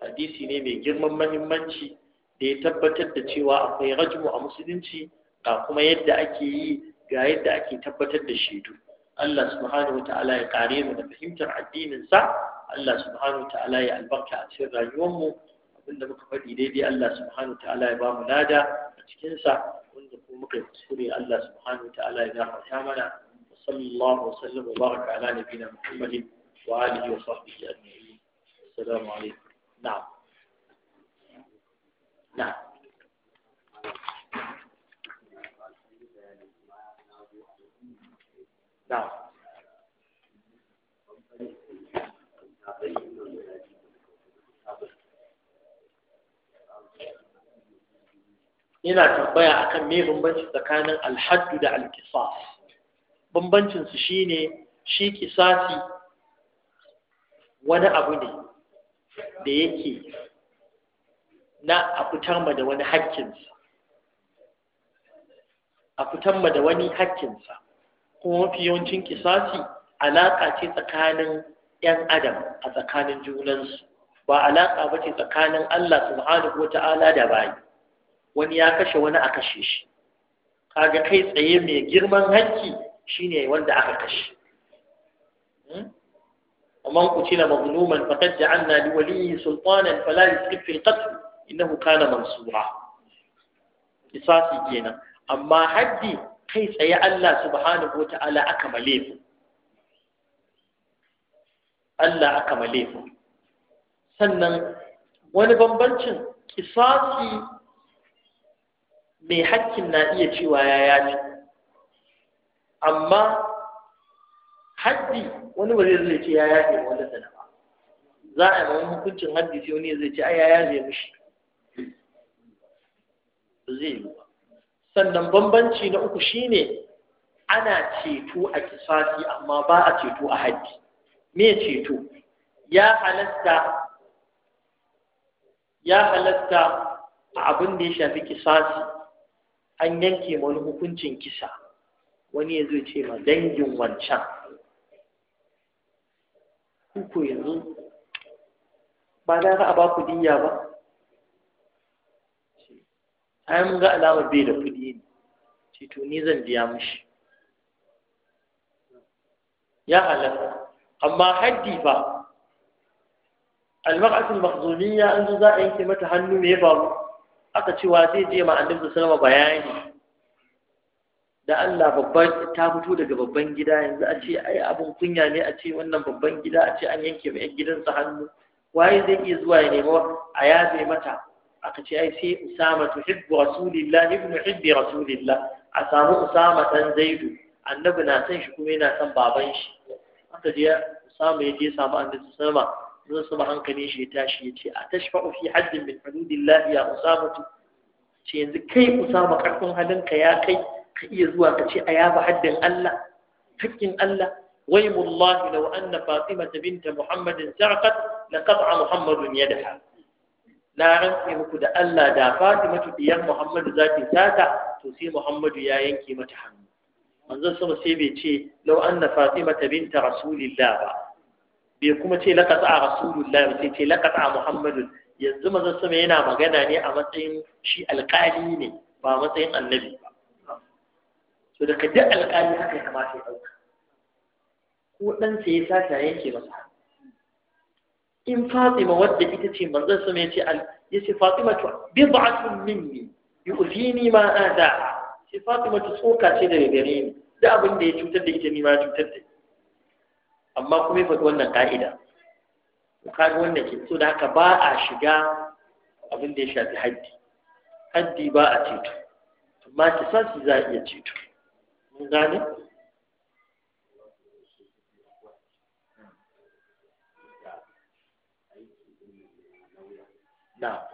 hadisi ne mai girman mahimmanci da ya tabbatar da cewa akwai rajmu a musulunci ga kuma yadda ake yi ga yadda ake tabbatar da shaidu Allah subhanahu wa ta'ala ya kare mu da fahimtar addininsa Allah subhanahu wa ta'ala ya albarka a cikin rayuwarmu abinda muka faɗi daidai Allah subhanahu wa ta'ala ya ba mu nada a cikin sa wanda kuma muka kuskure Allah subhanahu wa ta'ala ya gafarta mana wa sallallahu wa sallam wa baraka ala nabiyina Muhammadin wa alihi wa sahbihi ajma'in assalamu alaikum na'am na'am نعم yana tambaya akan me bambanci tsakanin alhaddu da alkisas Bambancinsu su shine shi kisasi wani abu ne da yake na a fitar ma da wani hakkinsa a fitar ma da wani hakkinsa kuma mafi yawancin kisasi alaƙa ce tsakanin 'yan adam a tsakanin junansu ba alaƙa ba ce tsakanin Allah subhanahu wa ta'ala da bayi wani ya kashe wani a kashe shi kaga kai tsaye mai girman hanki shine wanda aka kashe ومن قتل مظلوما فقد جعلنا لوليه سلطانا فلا يسرف في القتل إنه كان منصورا قصاصي جينا أما حدي كيف يا الله سبحانه وتعالى أكمله Allah aka male mu sannan wani bambancin kisasi mai hakkin na iya cewa ya yaci amma haddi wani ba zai ce ya yafe ma wanda sana ba za a yi wani hukuncin haddi sai wani zai ce ai ya yafe mishi ba zai yi ba sannan bambanci na uku shine ana ceto a kisasi amma ba a ceto a haddi me ceto ya halatta ya halatta abin da ya shafi kisasi an yanke wani hukuncin kisa wani ya zai ce ma dangin wancan ku yanzu ba za a ba ku diya ba ai mun ga alamar bai da kuɗi ne ce to ni zan biya mishi ya halatta amma haddi ba al-mar'atu al an zo za a yanke mata hannu me ya faru aka cewa zai je ma annabi bayani da Allah babban ta fito daga babban gida yanzu a ce ai abun kunya ne a ce wannan babban gida a ce an yanke mai gidansa hannu waye zai iya zuwa ya nemi a yabe mata aka ce ai sai Usama tuhibbu Rasulillah ibn hibbi Rasulillah a samu Usama dan Zaidu annabi na san shi kuma yana san baban shi aka je Usama ya je samu annabi sallallahu zan saba hankali shi ya tashi ya ce a tashfa ufi haddin min hududillah ya usamatu ce yanzu kai usama karfin ka ya kai ka iya zuwa ka ce a yafa haddin Allah hakkin Allah wai waymullahi law anna fatima binta muhammadin sarqat laqat'a muhammadun yadaha na rantse muku da Allah da fatima diyar muhammadu za ta sata to sai muhammadu ya yanke mata hannu manzon sama sai bai ce law anna fatima binta rasulillah ba bai kuma ce laqad a rasulullah sai ce laqad a Muhammadu yanzu mazan sama yana magana ne a matsayin shi alƙali ne ba matsayin annabi ba to da duk alƙali haka ya kamata ya ɗauka ko sai ya sata yanke masa in fatima wadda ita ce manzon sama ya ce ya ce fatima tu ya minni yu'zini ma ada ce fatima tu tsoka ce daga gare ni da abin da ya cutar da ita ni ma cutar da amma kuma ya wannan ka'ida ga wannan ke so da haka ba a shiga abin da ya shafi haddi haddi ba a ceto amma ki kisasi za a iya ceto mun gane na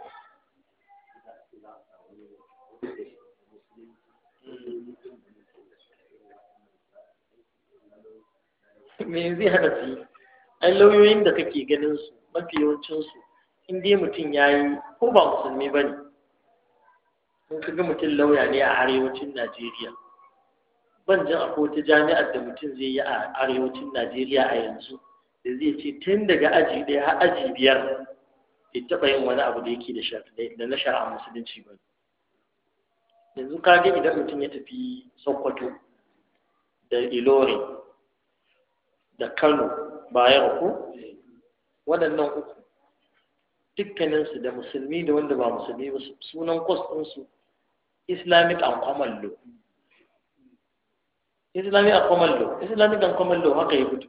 me zai hana su yi ai lauyoyin da kake ganin su mafi yawancin su in dai mutum ya yi ko ba musulmi ba ne in ka ga mutum lauya ne a arewacin najeriya ban jin akwai wata jami'ar da mutum zai yi a arewacin najeriya a yanzu da zai ce tun daga aji ɗaya har aji biyar bai taɓa yin wani abu da yake da na shari'a musulunci ba yanzu ka ga idan mutum ya tafi sokoto da ilori da Kano bayan ku waɗannan uku dukkaninsu da musulmi da wanda ba musulmi ba sunan kwas ɗinsu islamic and common law islamic and common law islamic and common law haka ya fito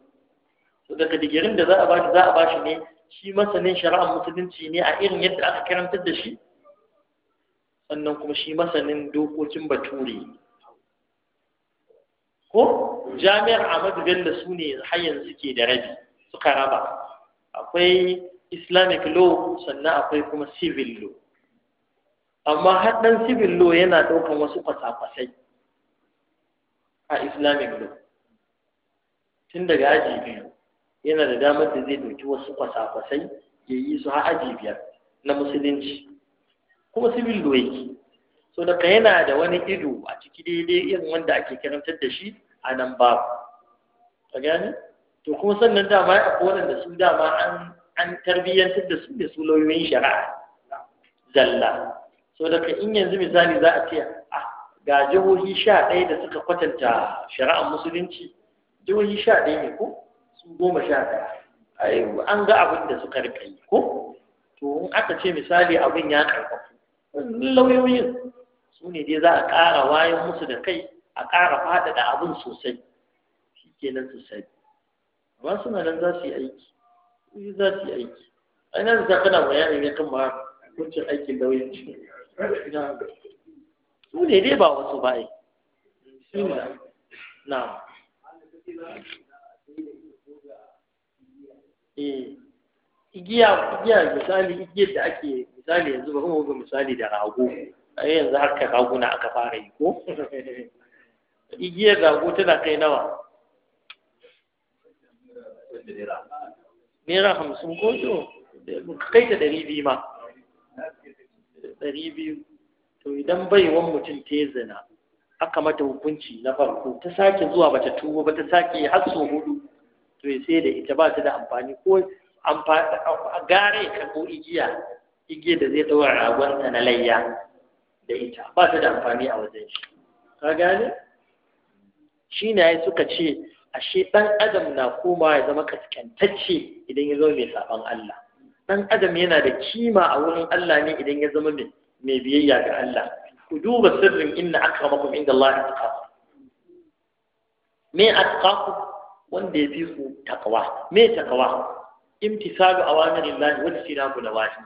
daga digirin da za a bashi za a bashi ne shi masanin shari'ar musulunci ne a irin yadda aka karantar da shi sannan kuma shi masanin dokokin bature ko jami'ar Ahmadu Bello su ne har yanzu ke da rabi suka raba akwai Islamic law sannan akwai kuma civil law amma har dan civil law yana ɗaukar wasu kwasa-kwasai a Islamic law tun daga aji biyu yana da damar da zai ɗauki wasu kwasa-kwasai ya yi su har aji biyar na musulunci kuma civil law yake so daga yana da wani ido a ciki daidai irin wanda ake karantar da shi a nan babu ka gane to kuma sannan dama ya akwai waɗanda su dama an an tarbiyyantar da su da su lauyoyin shari'a zalla so daga in yanzu misali za a ce a ah, ga jihohi sha ɗaya da suka kwatanta shari'ar musulunci jihohi sha ɗaya ne ko su goma sha ɗaya an ga abin da suka rika yi ko to in aka ce misali abin ya karfafu lauyoyin su ne dai za a ƙara wayan musu da kai a ƙara faɗaɗa abin sosai shi ke nan sosai. amma suna nan za su yi aiki yi eh, za su yi aiki a ina zata kana bayanin ya kan ma hukuncin aikin wuce su ne dai ba wasu ba yi. na eh, igiya igiya misali igiyar da ake misali yanzu ba kuma misali da rago a yanzu har ka raguna aka fara yi ko igiyar rago tana kai nawa naira hamsin ko to kai ta ɗari biyu ma ɗari biyu to idan baiwan mutum ta zina aka mata hukunci na farko ta sake zuwa bata tuwo ba ta sake har sau hudu to ya sai da ita ba ta da amfani ko gare ka ko igiya igiya da zai tsawon ragonsa na layya da ita ba ta da amfani a wajen shi ka gane shi ne suka ce ashe ɗan adam na koma ya zama kaskantacce idan ya zama mai saɓan Allah ɗan adam yana da kima a wurin Allah ne idan ya zama mai biyayya ga Allah ku duba sirrin inna akramakum inda Allah atqakum me atqakum wanda ya fi ku takawa me takawa imtisalu shi wa istinabu nawahi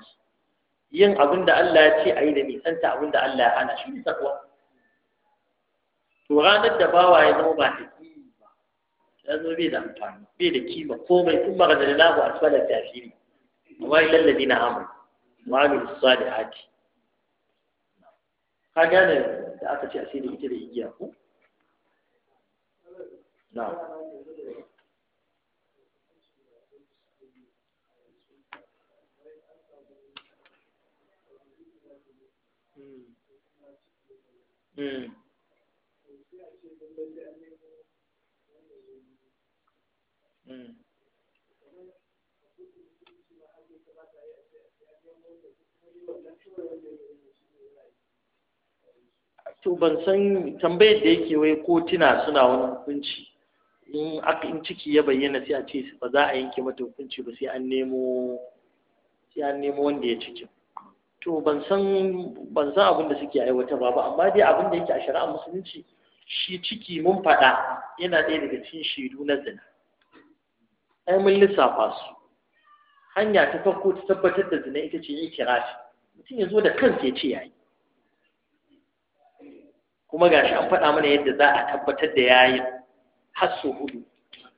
yin abin da Allah ya ce a yi da nisanta abin da Allah ya hana shi ne takawa to ranar da bawa ya zama ba ta kima ya zama bai da amfani bai da kima komai sun mara da lahu asfala tafiri amma ilal ladina amanu wa amilu salihati ka gane da aka ce asiri ita da igiya ko na Mm. to ban san tambayar da yake wai kotuna suna wani hukunci in aka in ciki ya bayyana sai a ce ba za a yanke mata hukunci ba sai an nemo wanda ya ciki to ban san abin da suke aiwata ba amma dai abin da yake a shari'ar musulunci shi ciki mun faɗa yana ɗaya daga cikin shaidu na zina ai mun lissafa su hanya ta farko ta tabbatar da zina ita ce ikirafi mutum ya zo da kansa ya ce yi? kuma gashi an faɗa mana yadda za a tabbatar da yayin har sau hudu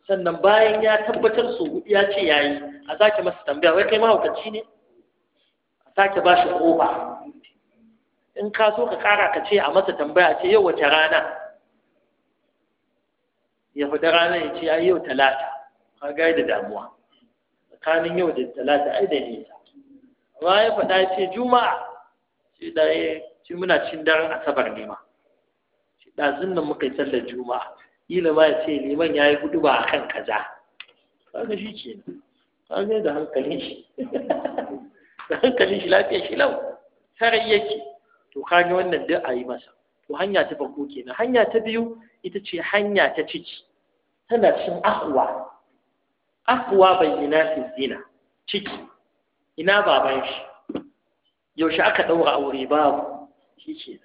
sannan bayan ya tabbatar sau hudu ya ce yi, a zaki masa tambaya wai kai mahaukaci ne a sake ba shi ƙofa in ka so ka ƙara ka ce a masa tambaya ce yau wace rana ya faɗi rana ya ce yau talata ka ga da damuwa tsakanin yau da talata ai da nisa amma ya faɗa ce juma'a ce da ce muna cin daren asabar ne ma ce ɗazun nan muka yi sallar juma'a ila ma ya ce liman ya yi gudu ba a kan kaza kaga shi ke kaga [laughs] da hankalin shi da hankalin shi lafiya shi lau sarai yake to kaga wannan duk a yi masa to hanya ta farko kenan hanya ta biyu ita ce hanya ta ciki tana cin akwa akwa bayyana zina ciki ina baban shi yaushe aka ɗaura aure babu shi ke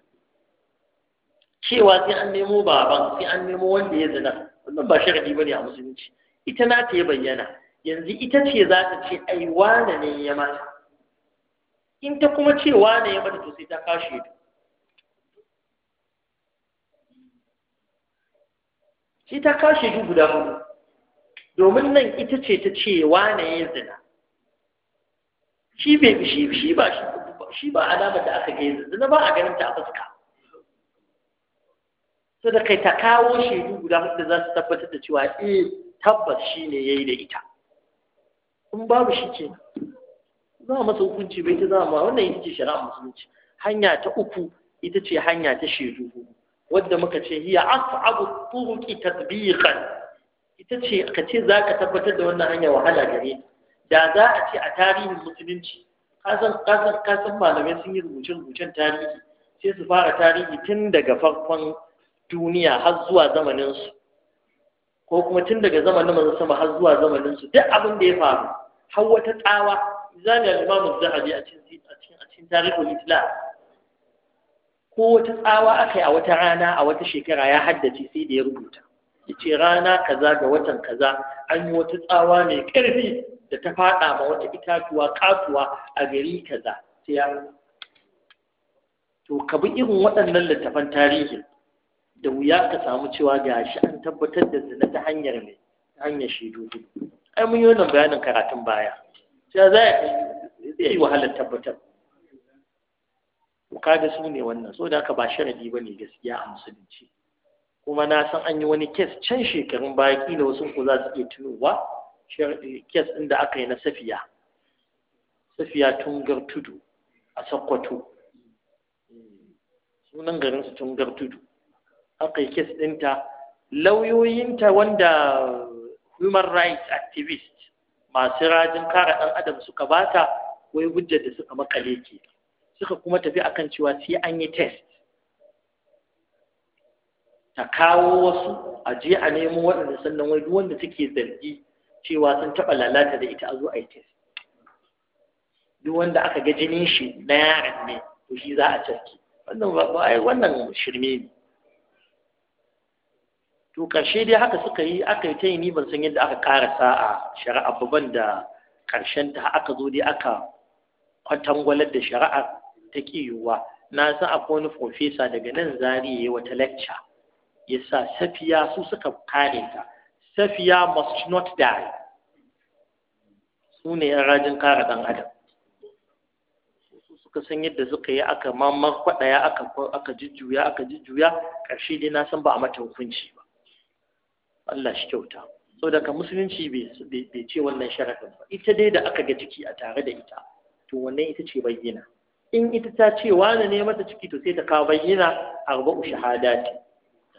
cewa sai an nemo baban sai an nemo wanda ya zina wannan ba ba bane a musulunci ita na ta yi bayyana yanzu ita ce za ta ce ai wane ne ya mata in ta kuma ce wane ya mata to sai ta kashe ta shi ta kashe guda hudu domin nan ita ce ta ce wane ya zina shi bai shi shi ba shi ba alamar da aka gaiza zina ba a ganin ta a fuska so da kai ta kawo shaidu guda hudu za su tabbatar da cewa eh tabbas shi ne ya yi da ita in babu shi ke za a masa hukunci bai ta zama wannan ita ce shari'a musulunci hanya ta uku ita ce hanya ta shaidu wadda muka ce hiya as'abu turuqi tatbiqan ita ce ka ce za ka tabbatar da wannan hanya wahala gare da za a ce a tarihin musulunci kasan malamai sun yi rubuce-rubucen tarihi sai su fara tarihi tun daga farkon duniya har zuwa zamaninsu ko kuma tun daga zamanin mazan sama har zuwa zamaninsu duk abin da ya faru har wata tsawa za ne imamu zahabi a cikin a cikin tarihul islam ko wata tsawa yi a wata rana a wata shekara ya haddace sai da ya rubuta yace rana kaza ga watan kaza an yi wata tsawa mai ƙarfi da ta faɗa ma wata itatuwa katuwa a gari kaza sai ya to ka bi irin waɗannan littafan tarihi da wuya ka samu cewa ga shi an tabbatar da zina ta hanyar mai ta hanyar shaidu ai mun yi wannan bayanin karatun baya sai za zai yi wahalar tabbatar ga su ne wannan so da aka ba sharadi ba ne gaskiya a musulunci kuma na san an yi wani kes can shekarun baya kila wasu ku za su iya tunowa eh, kes ɗin da aka yi na safiya safiya tungar tudu a Sokoto, sunan garin su tungar tudu aka yi kes ɗinta lauyoyinta wanda human rights activist masu rajin kare ɗan adam suka bata wai hujjar da suka makale ke suka kuma tafi akan cewa sai an yi test ta kawo wasu a je a nemo waɗanda sannan wai wanda suke zargi cewa sun taɓa lalata da ita a zo a yi test duk wanda aka ga jinin shi na yaran ne to shi za a wannan ba ai wannan shirme ne to ƙarshe dai haka suka yi aka yi ta yi ni ban san yadda aka ƙara sa'a shari'a babban da karshen ta aka zo dai aka kwatangwalar da shari'a ta ƙiyuwa na san akwai wani profesa daga nan zari ya yi wata lecture Yasa safiya su suka kare ta safiya must not die su ne yan rajin kare dan adam su suka san yadda suka yi aka mamman kwaɗaya aka jujjuya aka jujjuya ƙarshe dai na san ba a mata hukunci ba Allah shi kyauta sau daga musulunci bai ce wannan sharafin ba ita dai da aka ga ciki a tare da ita to wannan ita ce bayyana in ita ta ce wani ne mata ciki to sai ta kawo bayyana arba'u shahadati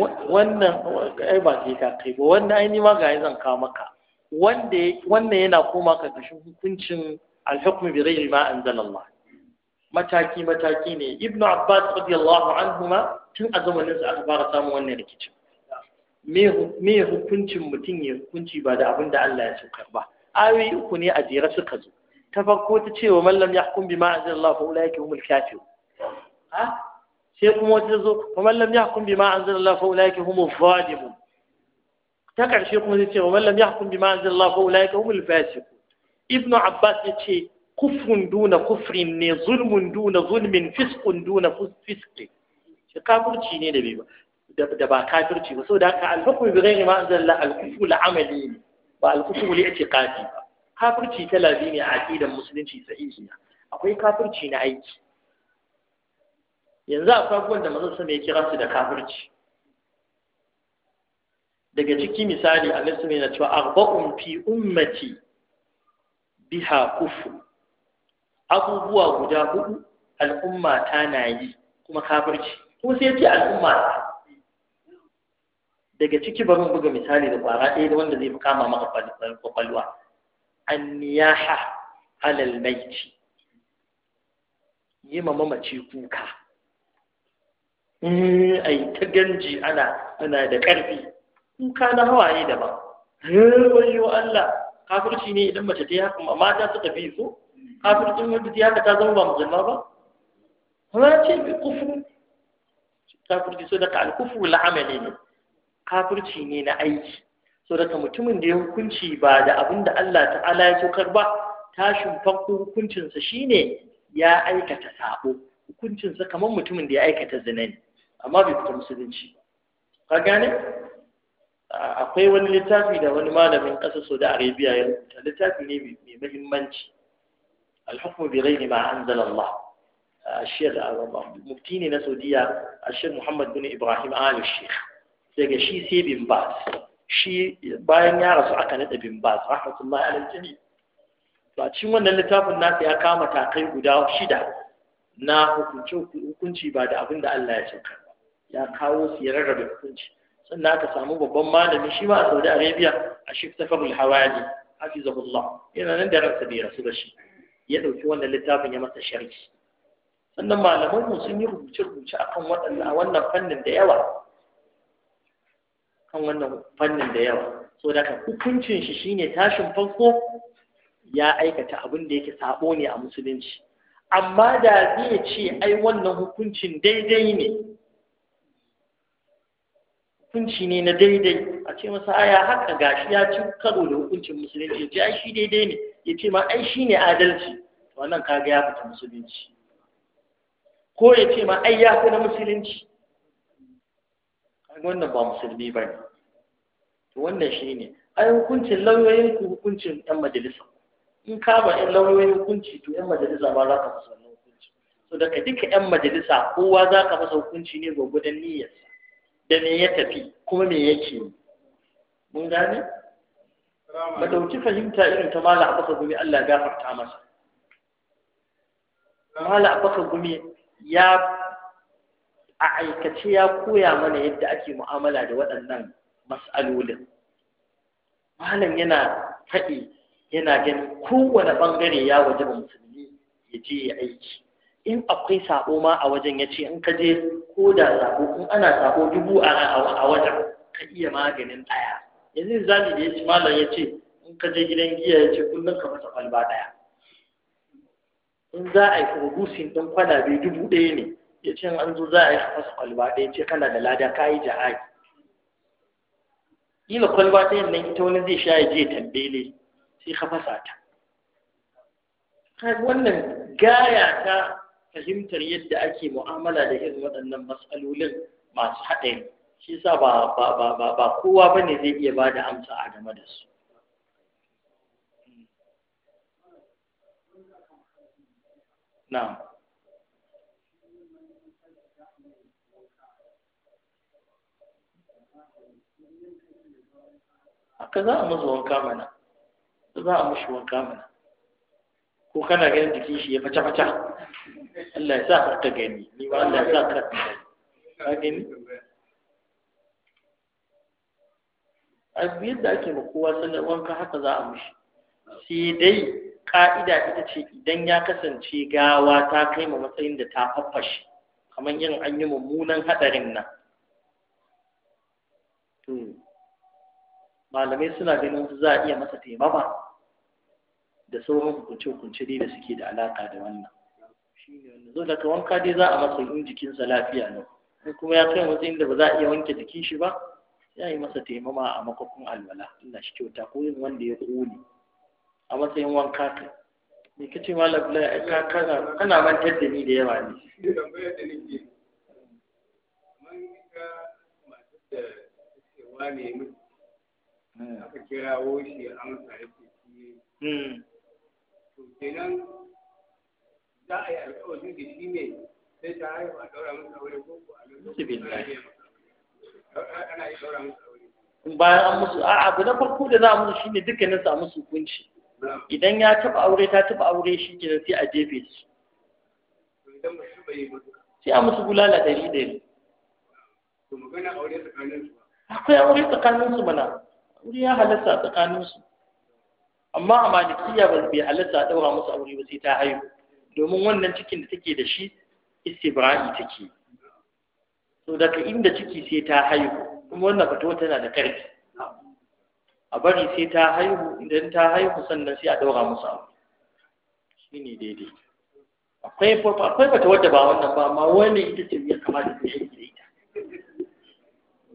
wannan ai ba sai ka kai ba wannan ai ma ga zan kawo maka wanda wannan yana koma ka kashin hukuncin al-hukm bi ghairi ma anzala mataki mataki ne Ibnu abbas radiyallahu anhuma tun a zamanin sa aka fara samun wannan rikicin me hukuncin mutum ya hukunci ba da abin da Allah ya saukar ba ayoyi uku ne a jere suka zo ta farko ta ce wa mallam ya hukum bi ma anzala Allah fa ulaika humul kafirun ha sai kuma wata zo wa mallam ya hukum bima anzalallahu fa ulaika humul zalimun ta karshe kuma zai ce wa mallam ya hukum bima anzalallahu fa ulaika humul fasiqun Ibn abbas ya ce kufrun duna kufrin ne zulmun duna zulmin fiskun duna fiskin shi kafirci ne da bai ba da ba kafirci ba saboda haka al bi ghairi ma anzalla al-kufru al-amali ne ba al-kufru al-i'tiqadi ba kafirci talabi ne a aqidan musulunci sahihiya akwai kafirci na aiki yanzu a farkon da manzon sama ya kira su da kafirci daga ciki misali annabi sama na cewa arba'un fi ummati biha kufu abubuwa guda hudu al'umma ta na yi kuma kafirci ko sai ce al'umma daga ciki barin buga misali da kwara ɗaya da wanda zai fi kama maka kwakwalwa an niyaha alal maiti yi ma mamaci kuka Eh, ai ta ganji ana ana da ƙarfi in ka na hawaye daban eh wayo Allah kafirci ne idan mace ta yi haka ta suka fi so kafircin wanda ta yi haka ta zama ba musulma ba kuma ce bi kufu kafirci so daga alkufu la'amali ne kafirci ne na aiki so daga mutumin da ya hukunci ba da abin da Allah ta'ala ya sokar ba tashin farko hukuncinsa shine ya aikata sabo hukuncinsa kamar mutumin da ya aikata zina ne amma bai fita musulunci ka gane akwai wani littafi da wani malamin ƙasar saudi arabia ya rubuta littafi ne mai muhimmanci alhukmu bi ghairi ma anzalallah ashir mufti ne na saudiya ashir muhammad bin ibrahim ali sheikh daga shi sai bin bas shi bayan ya rasu aka nada bin bas rahmatullahi alal jami to cikin wannan littafin nasa ya kama takai guda shida na hukunci ba da abin da Allah ya cika ya kawo su rabin kunci hukunci sannan aka samu babban malami shi ma a saudi arabia a shif ta kabul hawali hafizahullah yana nan da ransa bai rasu da shi ya ɗauki wannan littafin ya masa sharhi sannan malaman mu sun yi rubuce-rubuce akan waɗanda wannan fannin da yawa kan wannan fannin da yawa so ka hukuncin shi shine tashin farko ya aikata abin da yake sabo ne a musulunci amma da zai ce ai wannan hukuncin daidai ne hukunci ne na daidai a ce masa aya haka gashi ya ci karo da hukuncin musulunci ya ce ai shi daidai ne ya ce ma ai shi ne adalci wannan kaga ya fita musulunci ko ya ce ma ai ya fi na musulunci wannan ba musulmi ba ne to wannan shi ne ai hukuncin lauyoyin ku hukuncin yan majalisa in ka ba yan lauyoyin hukunci to yan majalisa ba za ka fasa wannan hukunci to daga duka yan majalisa kowa za ka fasa hukunci ne gwagwadon niyyarsa da me ya tafi kuma me yake mun gane ba wuce fahimta irin ta mala abaka gumi Allah ya gafarta masa mala abaka gumi ya a aikace ya koya mana yadda ake mu'amala da waɗannan mas'alolin malam yana faɗi yana ganin kowane ɓangare ya waje musulmi ya je ya aiki in akwai sabo ma a wajen ya ce in ka je ko da sabo in ana sabo dubu a wajen ka iya maganin ɗaya yanzu zabi da ya ci malam ya ce in ka je gidan giya ya ce kullum ka masa kwalba ɗaya in za a yi furusin ɗin kwalabe dubu ɗaya ne ya ce an zo za a yi masa kwalba ɗaya ce kana da lada ka yi ja'ai ila kwalba ɗayan nan ita wani zai sha ya je tambele sai ka fasa ta wannan gaya ta fahimtar yadda ake mu'amala da irin waɗannan matsalolin masu haɗari shi sa ba ba ba ba kowa bane zai iya ba da amsa a game da su na'am haka za a musu wanka za a wanka mana ko kana ganin jikin shi ya fata fata Allah ya sa ka gani ni ba Allah ya sa ka ka gani a da ake ma kowa wanka haka za a mishi sai dai ka'ida ita ce idan ya kasance gawa ta kai ma matsayin da ta faffashe kamar yin an yi mummunan hadarin nan hmm. malamai suna ganin za a iya masa taimaka. da sauran hukunce-hukunce dai da suke da alaka da wannan zo daga wanka dai za a masa yin jikinsa lafiya ne sai kuma ya kai wasu inda ba za a iya wanke jikin shi ba ya yi masa taimama a makakun alwala Allah shi kyauta ko yin wanda ya kone. a matsayin wanka ka me kace malam lai ka kana kana mantar da ni da yawa ne hmm. aka kenan a yi da shi ne ana yi
bayan an musu a abu na farko
da za a musu shine dukkanin su a musu hukunci idan ya taɓa aure ta taɓa aure shi kenan sai a jefe su
sai a musu bulala dari ɗari
akwai aure tsakanin mana aure ya halasta tsakanin su amma a malikiya ba bai halatta a ɗaura musu aure ba sai ta haihu domin wannan cikin da take da shi istibra'i take so daga inda ciki sai ta haihu kuma wannan fito tana da ƙarfi a bari sai ta haihu idan ta haihu sannan sai a ɗaura musu aure shine daidai akwai akwai fata wadda ba wannan ba amma wani ita ce ya kamata ta yi da ita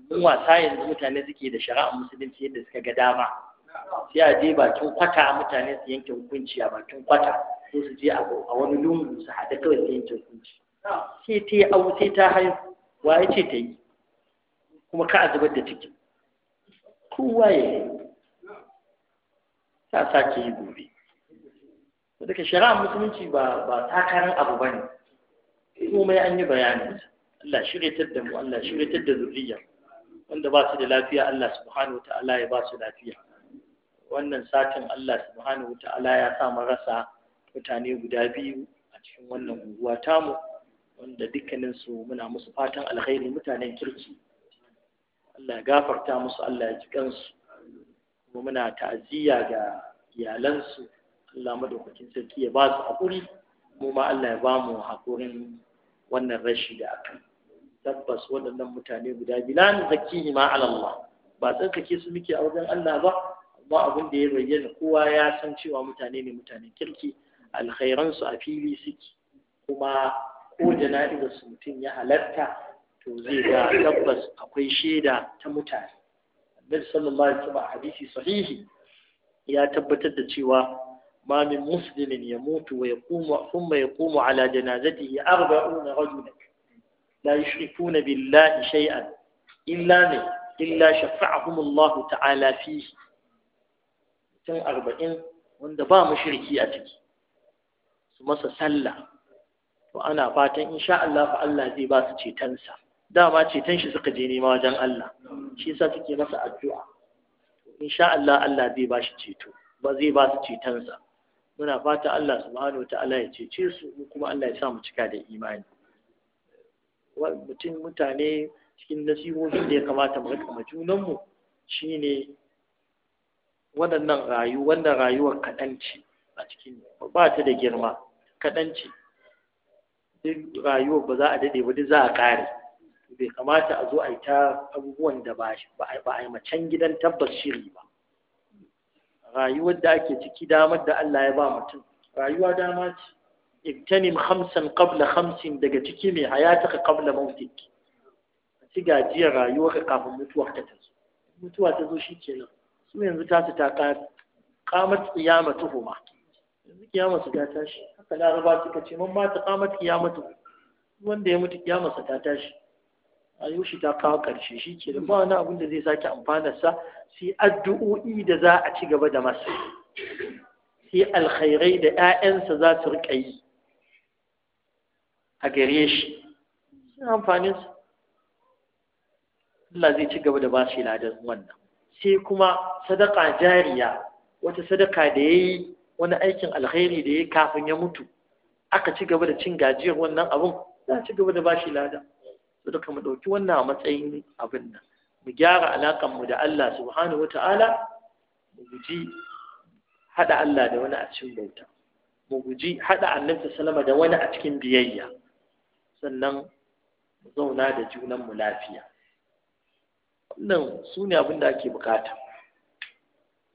mun wasa yanzu mutane suke da shari'a musulunci yadda suka ga dama sai a je bakin kwata mutane su yanke hukunci a bakin kwata ko su je a wani lungu su haɗe kawai su yanke hukunci sai ta yi abu sai ta haihu wa ya ce ta yi kuma ka a zubar da ciki kowa ya yi ta sake yi gobe daga shari'a musulunci ba ba takarar abu ba ne komai an yi bayani Allah shiryatar da mu Allah shiryatar da zuriya wanda ba su da lafiya Allah subhanahu wa ta'ala ya ba su lafiya wannan satin Allah subhanahu ta'ala ya sa mu rasa mutane guda biyu a cikin wannan guguwa tamu wanda dukkanin su muna musu fatan alkhairi mutanen kirki Allah ya gafarta musu Allah ya ji kansu kuma muna ta'aziyya ga iyalansu Allah madaukakin sarki ya ba su haƙuri mu ma Allah ya ba mu haƙurin wannan rashi da aka tabbas waɗannan mutane guda biyu la nuzakkihima ala Allah ba tsarkake su muke a wajen Allah ba kuma abin da ya bayyana kowa ya san cewa mutane ne mutanen kirki alkhairansu a fili suke kuma ko jana'izar su mutum ya halatta to zai ga tabbas akwai shaida ta mutane annabi sallallahu alaihi wasallam hadisi sahihi ya tabbatar da cewa ma min muslimin ya mutu wa yaqumu thumma yaqumu ala janazatihi 40 rajulan la yushrikuna billahi shay'an illa ne illa shafa'ahum Allah ta'ala fihi cikin arba'in wanda ba mu shirki a ciki su masa sallah to ana fatan insha Allah fa Allah zai ba su cetonsa dama ceton shi suka je nema wajen Allah shi yasa suke masa addu'a insha Allah Allah zai ba shi ceto ba zai ba su cetonsa muna fata Allah subhanahu wataala ya cece su kuma Allah ya sa mu cika da imani mutum mutane cikin nasihohin da ya kamata mu rika ma junanmu shine waɗannan rayu wannan rayuwar kaɗanci ce a cikin ba ta da girma kaɗan ce duk rayuwar ba za a daɗe ba duk za a ƙare bai kamata a zo a yi ta abubuwan da ba a yi macen gidan tabbas shiri ba rayuwar da ake ciki damar da Allah ya ba mutum rayuwa dama ce ibtanim khamsan qabla hamsin daga ciki mai hayataka qabla mautik ci gajiyar ka kafin mutuwa ta zo mutuwa ta zo shikenan su yanzu su ta kamar tsiyama tuhuma yanzu kiyama su ta tashi haka laraba suka ce man ta kamar kiyama tuhuma wanda ya mutu kiyama su ta tashi ayo shi ta kawo karshe shi ke da ba na abin da zai sake amfanar sa sai addu'o'i da za a ci gaba da masa sai alkhairai da 'ya'yansa za su riƙa yi a gare shi amfanin sa Allah zai ci gaba da ba shi ladan wannan sai kuma sadaka jariya wata sadaka da ya yi wani aikin alkhairi da ya kafin ya mutu aka ci gaba da cin gajiyar wannan abun za a ci gaba da bashi lada sadaka mu ɗauki wannan a matsayin abin nan mu gyara alaƙar mu da Allah subhanahu wata'ala mu guji haɗa Allah da wani a cikin bauta mu guji haɗa annabi salama da wani a cikin biyayya sannan mu zauna da junan mu lafiya wannan su ne abin da ake bukata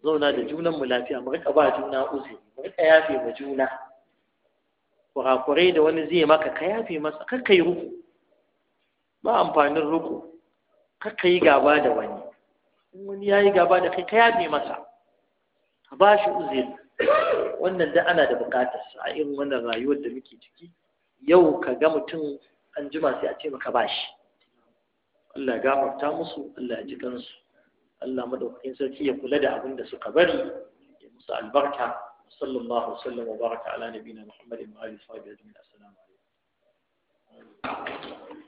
zauna da junan mu lafiya mu rika ba juna uzuri mu rika yafe ma juna kurakurai da wani zai maka ka yafe masa kar kai ruku ba amfanin ruku kar kai gaba da wani in wani yayi gaba da kai ka yafe masa ka ba shi uzuri wannan da ana da bukatar sa a irin wannan rayuwar da muke ciki yau ka ga mutum an jima sai a ce maka ba shi Allah ya gafarta musu Allah ji kansu Allah madaukakin sarki ya kula da abin da suka bari ya musu albarka sallallahu alaihi wa baraka ala nabiyina muhammadin wa alihi wa sahbihi ajma'in assalamu alaikum